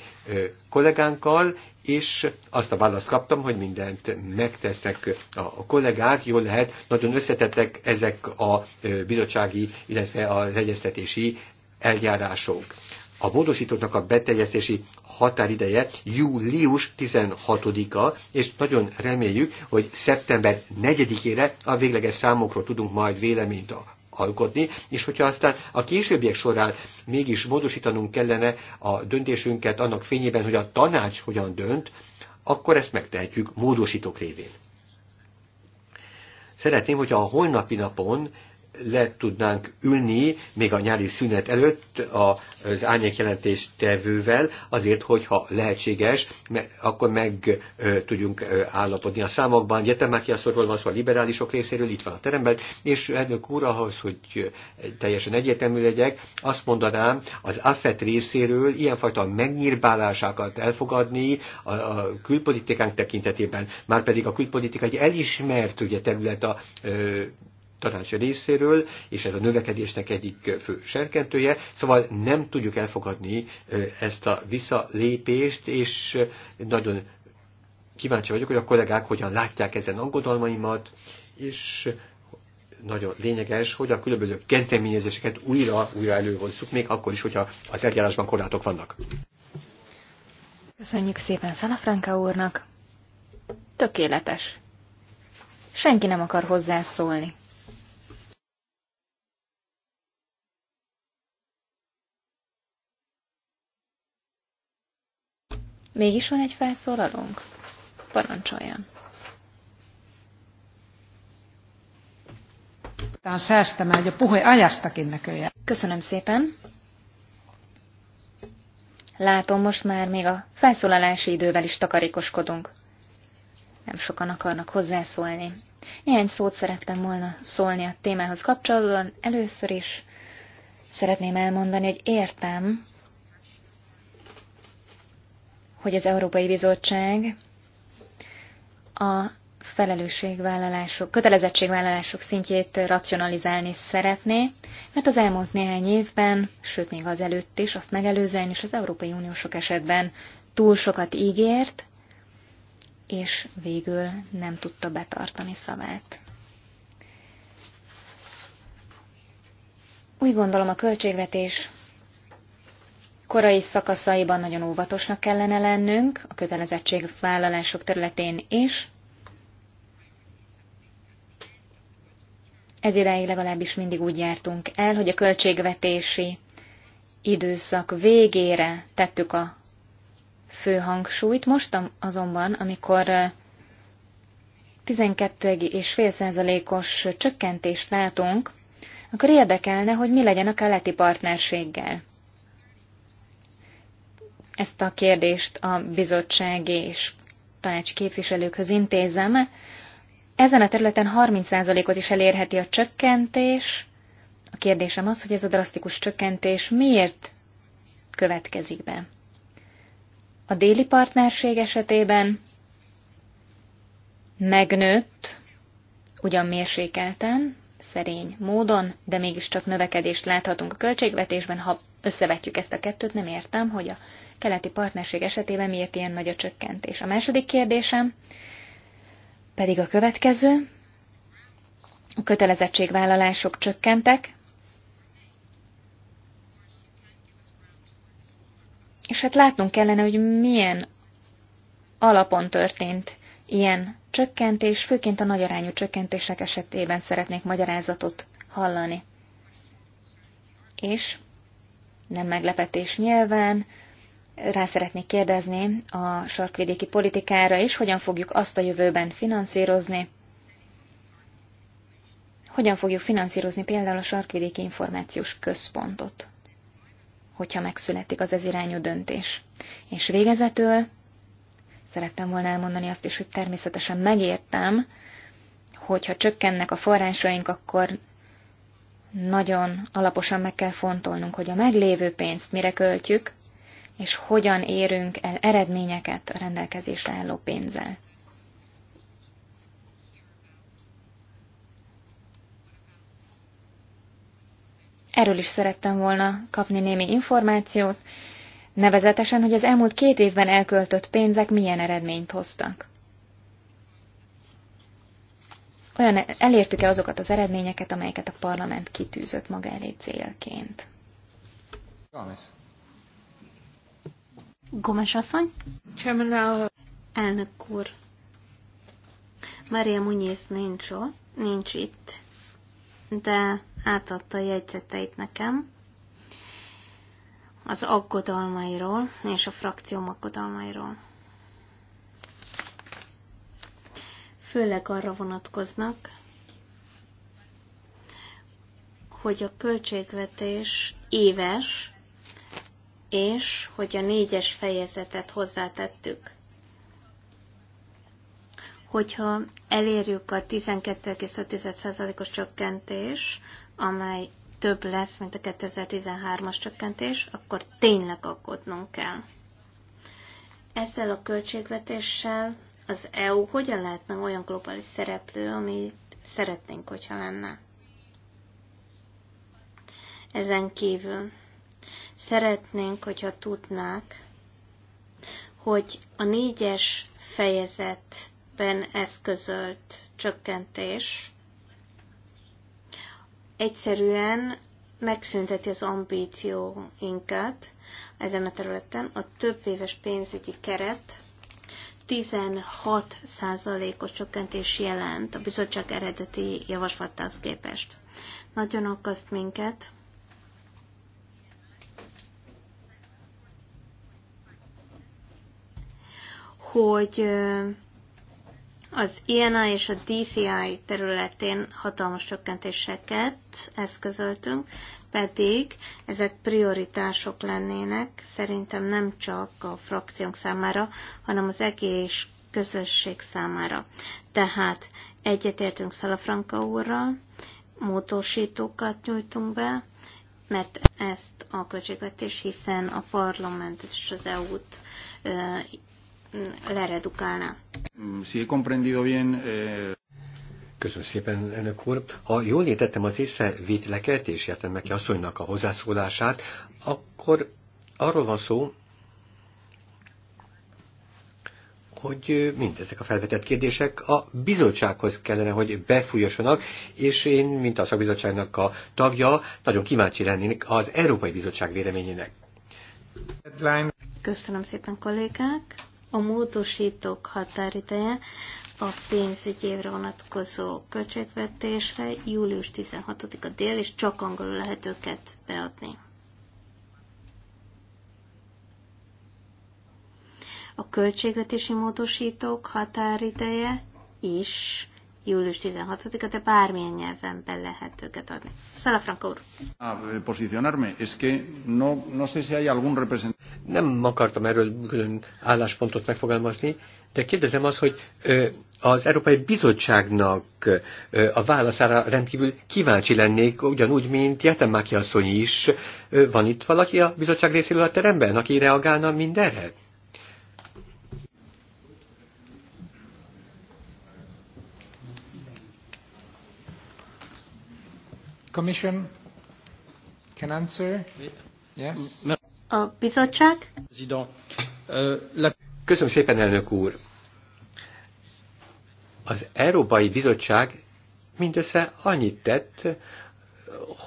kollégánkkal, és azt a választ kaptam, hogy mindent megtesznek a kollégák, jól lehet, nagyon összetettek ezek a bizottsági, illetve az egyeztetési eljárások. A módosítóknak a beteljesztési határideje július 16-a, és nagyon reméljük, hogy szeptember 4-ére a végleges számokról tudunk majd véleményt alkotni, és hogyha aztán a későbbiek során mégis módosítanunk kellene a döntésünket annak fényében, hogy a tanács hogyan dönt, akkor ezt megtehetjük módosítók révén. Szeretném, hogyha a holnapi napon le tudnánk ülni még a nyári szünet előtt az árnyék jelentést tevővel, azért, hogyha lehetséges, akkor meg tudjunk állapodni a számokban. a asszorról van szó a liberálisok részéről, itt van a teremben, és elnök úr, ahhoz, hogy teljesen egyértelmű legyek, azt mondanám, az AFET részéről ilyenfajta megnyírbálásákat elfogadni a, a külpolitikánk tekintetében, már pedig a külpolitika egy elismert ugye, terület a tanács részéről, és ez a növekedésnek egyik fő serkentője, szóval nem tudjuk elfogadni ezt a visszalépést, és nagyon kíváncsi vagyok, hogy a kollégák hogyan látják ezen aggodalmaimat, és nagyon lényeges, hogy a különböző kezdeményezéseket újra, újra előhozzuk, még akkor is, hogyha az eljárásban korlátok vannak. Köszönjük szépen Szalafranka úrnak. Tökéletes. Senki nem akar hozzászólni. Mégis van egy felszólalónk? Parancsoljon! Köszönöm szépen! Látom, most már még a felszólalási idővel is takarékoskodunk. Nem sokan akarnak hozzászólni. Néhány szót szerettem volna szólni a témához kapcsolódóan. Először is szeretném elmondani, hogy értem, hogy az Európai Bizottság a felelősségvállalások, kötelezettségvállalások szintjét racionalizálni szeretné, mert az elmúlt néhány évben, sőt még az előtt is, azt megelőzően is az Európai Unió sok esetben túl sokat ígért, és végül nem tudta betartani szavát. Úgy gondolom a költségvetés korai szakaszaiban nagyon óvatosnak kellene lennünk, a kötelezettségvállalások területén is. Ez ideig legalábbis mindig úgy jártunk el, hogy a költségvetési időszak végére tettük a fő hangsúlyt. Most azonban, amikor 12,5%-os csökkentést látunk, akkor érdekelne, hogy mi legyen a keleti partnerséggel. Ezt a kérdést a bizottság és tanácsi képviselőkhöz intézem. Ezen a területen 30%-ot is elérheti a csökkentés. A kérdésem az, hogy ez a drasztikus csökkentés miért következik be. A déli partnerség esetében megnőtt, ugyan mérsékelten, szerény módon, de mégiscsak növekedést láthatunk a költségvetésben. Ha összevetjük ezt a kettőt, nem értem, hogy a keleti partnerség esetében miért ilyen nagy a csökkentés. A második kérdésem pedig a következő. A kötelezettségvállalások csökkentek, és hát látnunk kellene, hogy milyen alapon történt ilyen csökkentés, főként a nagyarányú csökkentések esetében szeretnék magyarázatot hallani. És nem meglepetés nyilván, rá szeretnék kérdezni a sarkvidéki politikára is, hogyan fogjuk azt a jövőben finanszírozni, hogyan fogjuk finanszírozni például a sarkvidéki információs központot, hogyha megszületik az ez irányú döntés. És végezetül szerettem volna elmondani azt is, hogy természetesen megértem, hogyha csökkennek a forrásaink, akkor nagyon alaposan meg kell fontolnunk, hogy a meglévő pénzt mire költjük, és hogyan érünk el eredményeket a rendelkezésre álló pénzzel. Erről is szerettem volna kapni némi információt, nevezetesen, hogy az elmúlt két évben elköltött pénzek milyen eredményt hoztak. Olyan elértük-e azokat az eredményeket, amelyeket a parlament kitűzött maga elé célként? Gámez. Gomes asszony? Csemenál. Uh, Elnök úr. Maria Munyész nincs, ó, nincs itt, de átadta a jegyzeteit nekem az aggodalmairól és a frakcióm aggodalmairól. Főleg arra vonatkoznak, hogy a költségvetés éves, és hogy a négyes fejezetet hozzátettük. Hogyha elérjük a 12,5%-os csökkentés, amely több lesz, mint a 2013-as csökkentés, akkor tényleg aggódnunk kell. Ezzel a költségvetéssel az EU hogyan lehetne olyan globális szereplő, amit szeretnénk, hogyha lenne? Ezen kívül Szeretnénk, hogyha tudnák, hogy a négyes fejezetben eszközölt csökkentés egyszerűen megszünteti az ambícióinkat ezen a területen. A több éves pénzügyi keret 16%-os csökkentés jelent a bizottság eredeti javaslatához képest. Nagyon okozt minket, hogy az INI és a DCI területén hatalmas csökkentéseket eszközöltünk, pedig ezek prioritások lennének, szerintem nem csak a frakciónk számára, hanem az egész közösség számára. Tehát egyetértünk Szalafranka úrral, módosítókat nyújtunk be, mert ezt a költségvetés, hiszen a parlament és az EU-t leredukálná. Mm, si he comprendido bien, eh... Köszönöm szépen, elnök úr. Ha jól értettem az észrevételeket, és értem neki asszonynak a hozzászólását, akkor arról van szó, hogy mindezek a felvetett kérdések a bizottsághoz kellene, hogy befújjasanak, és én, mint a szakbizottságnak a tagja, nagyon kíváncsi lennének az Európai Bizottság véleményének. Köszönöm szépen, kollégák! a módosítók határideje a pénzügyi évre vonatkozó költségvetésre július 16-a dél, és csak angolul lehet őket beadni. A költségvetési módosítók határideje is július 16-a, de bármilyen nyelven be lehet őket adni. Szala Salafranca úr. Eh, posicionarme, es que no, no sé si hay algún representante. Nem akartam erről külön álláspontot megfogalmazni, de kérdezem az, hogy eh, az Európai Bizottságnak eh, a válaszára rendkívül kíváncsi lennék, ugyanúgy, mint Jeten Máki asszony is. Van itt valaki a bizottság részéről a teremben, aki reagálna mindenre? Commission can answer? Yes? A bizottság? Köszönöm szépen, elnök úr. Az Európai Bizottság mindössze annyit tett,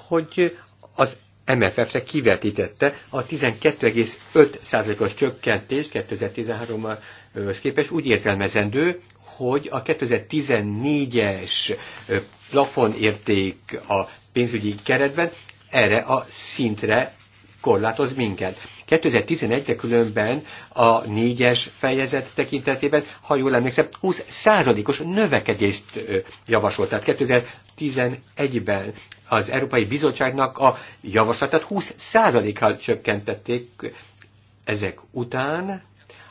hogy az MFF-re kivetítette a 12,5%-os csökkentés 2013-hoz képest úgy értelmezendő, hogy a 2014-es plafonérték a pénzügyi keretben erre a szintre korlátoz minket. 2011-re különben a négyes fejezet tekintetében, ha jól emlékszem, 20 százalékos növekedést javasolt. Tehát 2011-ben az Európai Bizottságnak a javaslatát 20 százalékkal csökkentették ezek után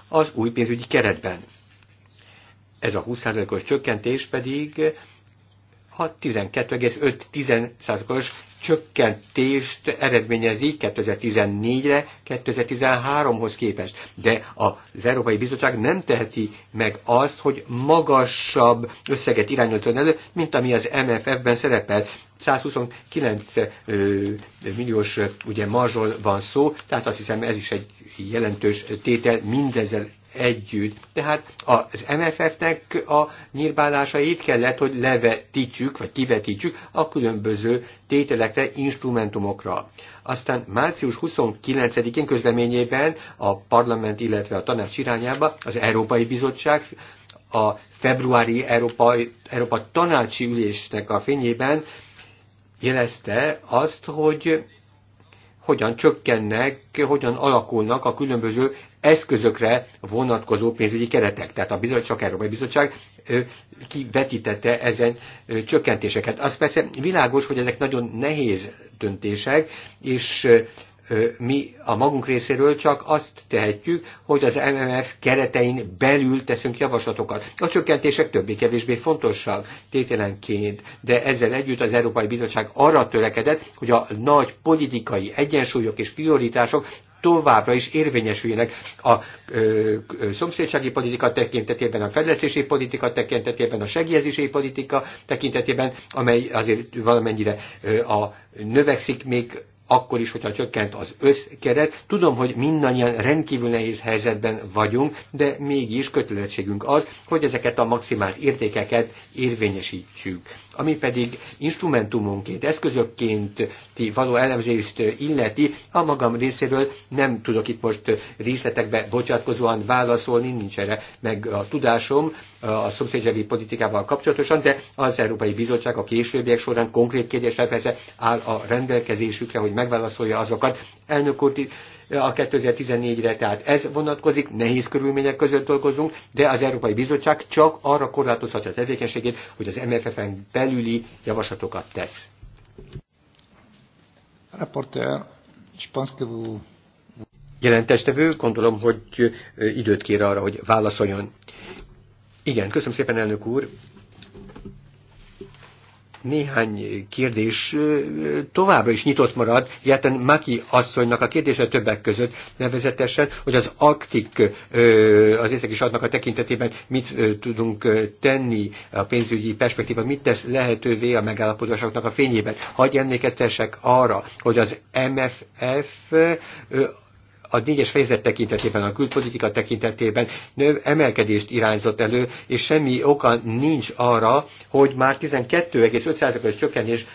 az új pénzügyi keretben. Ez a 20%-os csökkentés pedig 12,5%-os csökkentést eredményezi 2014-re, 2013-hoz képest. De az Európai Bizottság nem teheti meg azt, hogy magasabb összeget irányozzon elő, mint ami az MFF-ben szerepel. 129 milliós ugye marzsol van szó, tehát azt hiszem ez is egy jelentős tétel mindezzel együtt. Tehát az MFF-nek a nyírbálásait kellett, hogy levetítsük vagy kivetítsük a különböző tételekre, instrumentumokra. Aztán március 29-én közleményében a parlament, illetve a tanács irányába az Európai Bizottság a februári Európa, Európa tanácsi ülésnek a fényében jelezte azt, hogy hogyan csökkennek, hogyan alakulnak a különböző eszközökre vonatkozó pénzügyi keretek. Tehát a bizottság, Európai Bizottság kivetítette ezen csökkentéseket. Az persze világos, hogy ezek nagyon nehéz döntések, és mi a magunk részéről csak azt tehetjük, hogy az MMF keretein belül teszünk javaslatokat. A csökkentések többé-kevésbé fontosak tételenként, de ezzel együtt az Európai Bizottság arra törekedett, hogy a nagy politikai egyensúlyok és prioritások továbbra is érvényesüljenek a ö, ö, szomszédsági politika tekintetében, a fejlesztési politika tekintetében, a segélyezési politika tekintetében, amely azért valamennyire ö, a, növekszik még akkor is, hogyha csökkent az összkeret. Tudom, hogy mindannyian rendkívül nehéz helyzetben vagyunk, de mégis kötelezettségünk az, hogy ezeket a maximált értékeket érvényesítsük. Ami pedig instrumentumunként, eszközökként való elemzést illeti, a magam részéről nem tudok itt most részletekbe bocsátkozóan válaszolni, nincs erre meg a tudásom a szomszédsági politikával kapcsolatosan, de az Európai Bizottság a későbbiek során konkrét kérdésre persze áll a rendelkezésükre, hogy megválaszolja azokat. Elnök úr, a 2014-re, tehát ez vonatkozik, nehéz körülmények között dolgozunk, de az Európai Bizottság csak arra korlátozhatja a tevékenységét, hogy az MFF-en belüli javaslatokat tesz. Rapporteur, Jelentestevő, gondolom, hogy időt kér arra, hogy válaszoljon. Igen, köszönöm szépen, elnök úr néhány kérdés továbbra is nyitott marad, illetve Maki asszonynak a kérdése többek között, nevezetesen, hogy az aktik az észak is adnak a tekintetében mit tudunk tenni a pénzügyi perspektívában, mit tesz lehetővé a megállapodásoknak a fényében. Hagy emlékeztessek arra, hogy az MFF a négyes fejezet tekintetében, a külpolitika tekintetében emelkedést irányzott elő, és semmi oka nincs arra, hogy már 12,5%-os csökkenés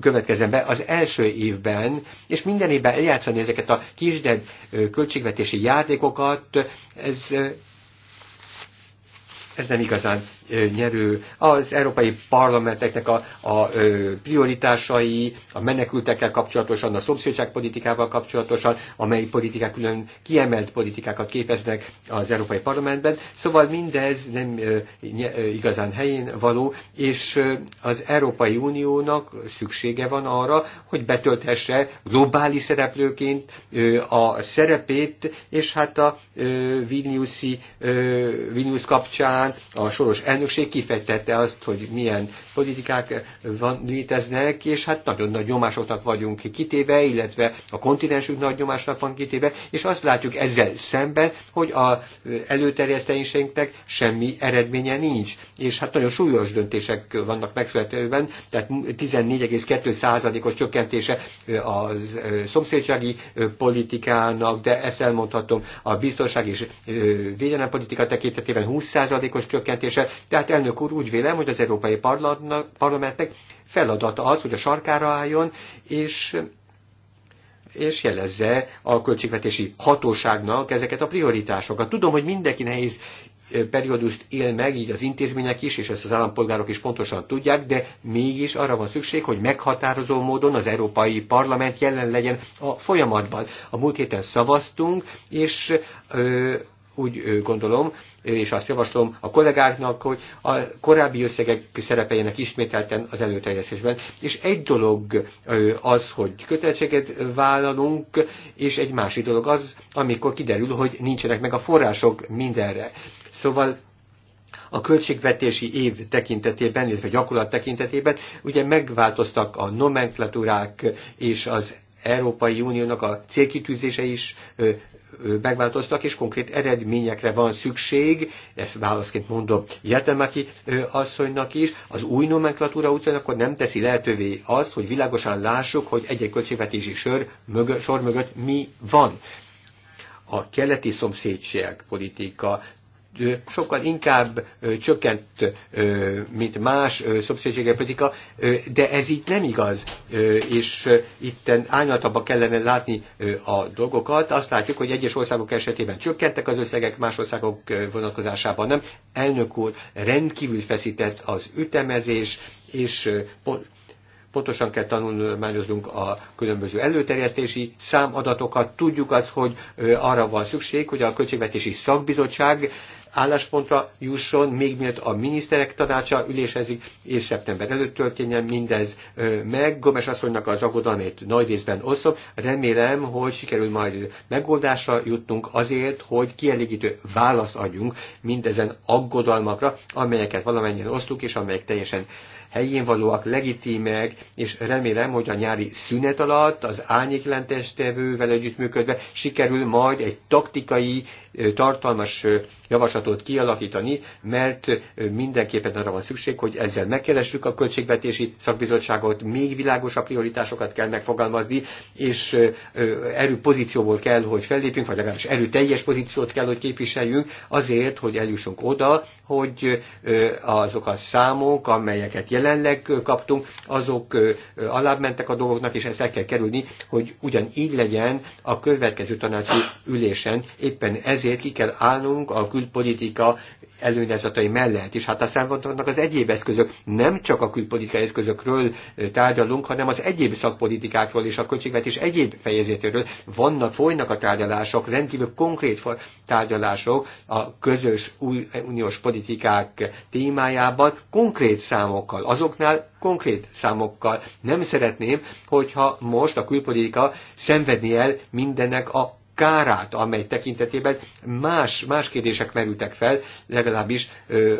következzen be az első évben, és minden évben eljátszani ezeket a kisdebb költségvetési játékokat, ez, ez nem igazán nyerő, az európai parlamenteknek a, a prioritásai, a menekültekkel kapcsolatosan, a szomszédságpolitikával kapcsolatosan, amely politikák külön kiemelt politikákat képeznek az európai parlamentben. Szóval mindez nem igazán helyén való, és az Európai Uniónak szüksége van arra, hogy betölthesse globális szereplőként a szerepét, és hát a Vilniuszi, Vilnius kapcsán a soros elnökség kifejtette azt, hogy milyen politikák eh, van, léteznek, és hát nagyon nagy nyomásoknak vagyunk kitéve, illetve a kontinensünk nagy nyomásnak van kitéve, és azt látjuk ezzel szemben, hogy a eh, előterjesztéseinknek semmi eredménye nincs. És hát nagyon súlyos döntések vannak megszületőben, tehát 14,2%-os csökkentése eh, a szomszédsági politikának, de ezt elmondhatom a biztonság és védelempolitika tekintetében 20%-os csökkentése, tehát elnök úr úgy vélem, hogy az Európai Parlamentnek feladata az, hogy a sarkára álljon, és és jelezze a költségvetési hatóságnak ezeket a prioritásokat. Tudom, hogy mindenki nehéz periódust él meg, így az intézmények is, és ezt az állampolgárok is pontosan tudják, de mégis arra van szükség, hogy meghatározó módon az Európai Parlament jelen legyen a folyamatban. A múlt héten szavaztunk, és ö, úgy gondolom, és azt javaslom a kollégáknak, hogy a korábbi összegek szerepeljenek ismételten az előterjesztésben. És egy dolog az, hogy kötelezettséget vállalunk, és egy másik dolog az, amikor kiderül, hogy nincsenek meg a források mindenre. Szóval a költségvetési év tekintetében, illetve gyakorlat tekintetében ugye megváltoztak a nomenklatúrák és az Európai Uniónak a célkitűzése is megváltoztak, és konkrét eredményekre van szükség, ezt válaszként mondom Jetemaki asszonynak is, az új nomenklatúra akkor nem teszi lehetővé azt, hogy világosan lássuk, hogy egy-egy költségvetési sor mögött, sor mögött mi van a keleti szomszédség politika sokkal inkább csökkent, mint más szomszédségi politika, de ez itt nem igaz, és itt ányaltabban kellene látni a dolgokat. Azt látjuk, hogy egyes országok esetében csökkentek az összegek, más országok vonatkozásában nem. Elnök úr rendkívül feszített az ütemezés, és pontosan kell tanulmányoznunk a különböző előterjesztési számadatokat. Tudjuk azt, hogy arra van szükség, hogy a Költségvetési Szakbizottság álláspontra jusson, még mielőtt a miniszterek tanácsa ülésezik, és szeptember előtt történjen mindez meg. Gomes asszonynak az aggodalmét nagy részben osztom. Remélem, hogy sikerül majd megoldásra jutnunk azért, hogy kielégítő választ adjunk mindezen aggodalmakra, amelyeket valamennyien osztunk, és amelyek teljesen helyén valóak, legitímek, és remélem, hogy a nyári szünet alatt az tevővel együttműködve sikerül majd egy taktikai, tartalmas javaslatot kialakítani, mert mindenképpen arra van szükség, hogy ezzel megkeressük a költségvetési szakbizottságot, még világosabb prioritásokat kell megfogalmazni, és erőpozícióból kell, hogy fellépjünk, vagy legalábbis erőteljes pozíciót kell, hogy képviseljünk, azért, hogy eljussunk oda, hogy azok a számok, amelyeket jelent, jelenleg kaptunk, azok mentek a dolgoknak, és ezt el kell kerülni, hogy ugyan így legyen a következő tanácsi ülésen. Éppen ezért ki kell állnunk a külpolitika előnyezatai mellett, és hát aztán vannak az egyéb eszközök. Nem csak a külpolitikai eszközökről tárgyalunk, hanem az egyéb szakpolitikákról és a költségvetés egyéb fejezetéről. Vannak, folynak a tárgyalások, rendkívül konkrét tárgyalások a közös uniós politikák témájában, konkrét számokkal, azoknál konkrét számokkal. Nem szeretném, hogyha most a külpolitika szenvedni el mindennek a kárát, amely tekintetében más, más kérdések merültek fel, legalábbis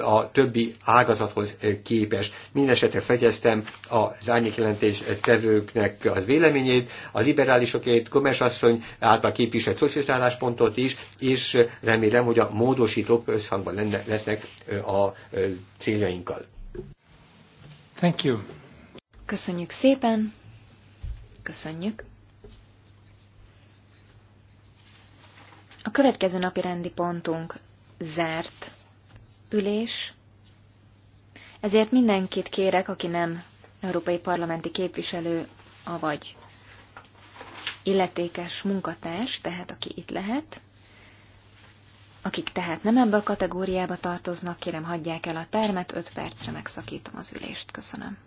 a többi ágazathoz képes. Mindenesetre fegyeztem az árnyékjelentés tevőknek az véleményét, a liberálisokért Gomes asszony által képviselt szociálálláspontot is, és remélem, hogy a módosítók összhangban lenne, lesznek a céljainkkal. Thank you. Köszönjük szépen. Köszönjük. A következő napi rendi pontunk zárt ülés, ezért mindenkit kérek, aki nem európai parlamenti képviselő, avagy illetékes munkatárs, tehát aki itt lehet, akik tehát nem ebbe a kategóriába tartoznak, kérem hagyják el a termet, 5 percre megszakítom az ülést. Köszönöm.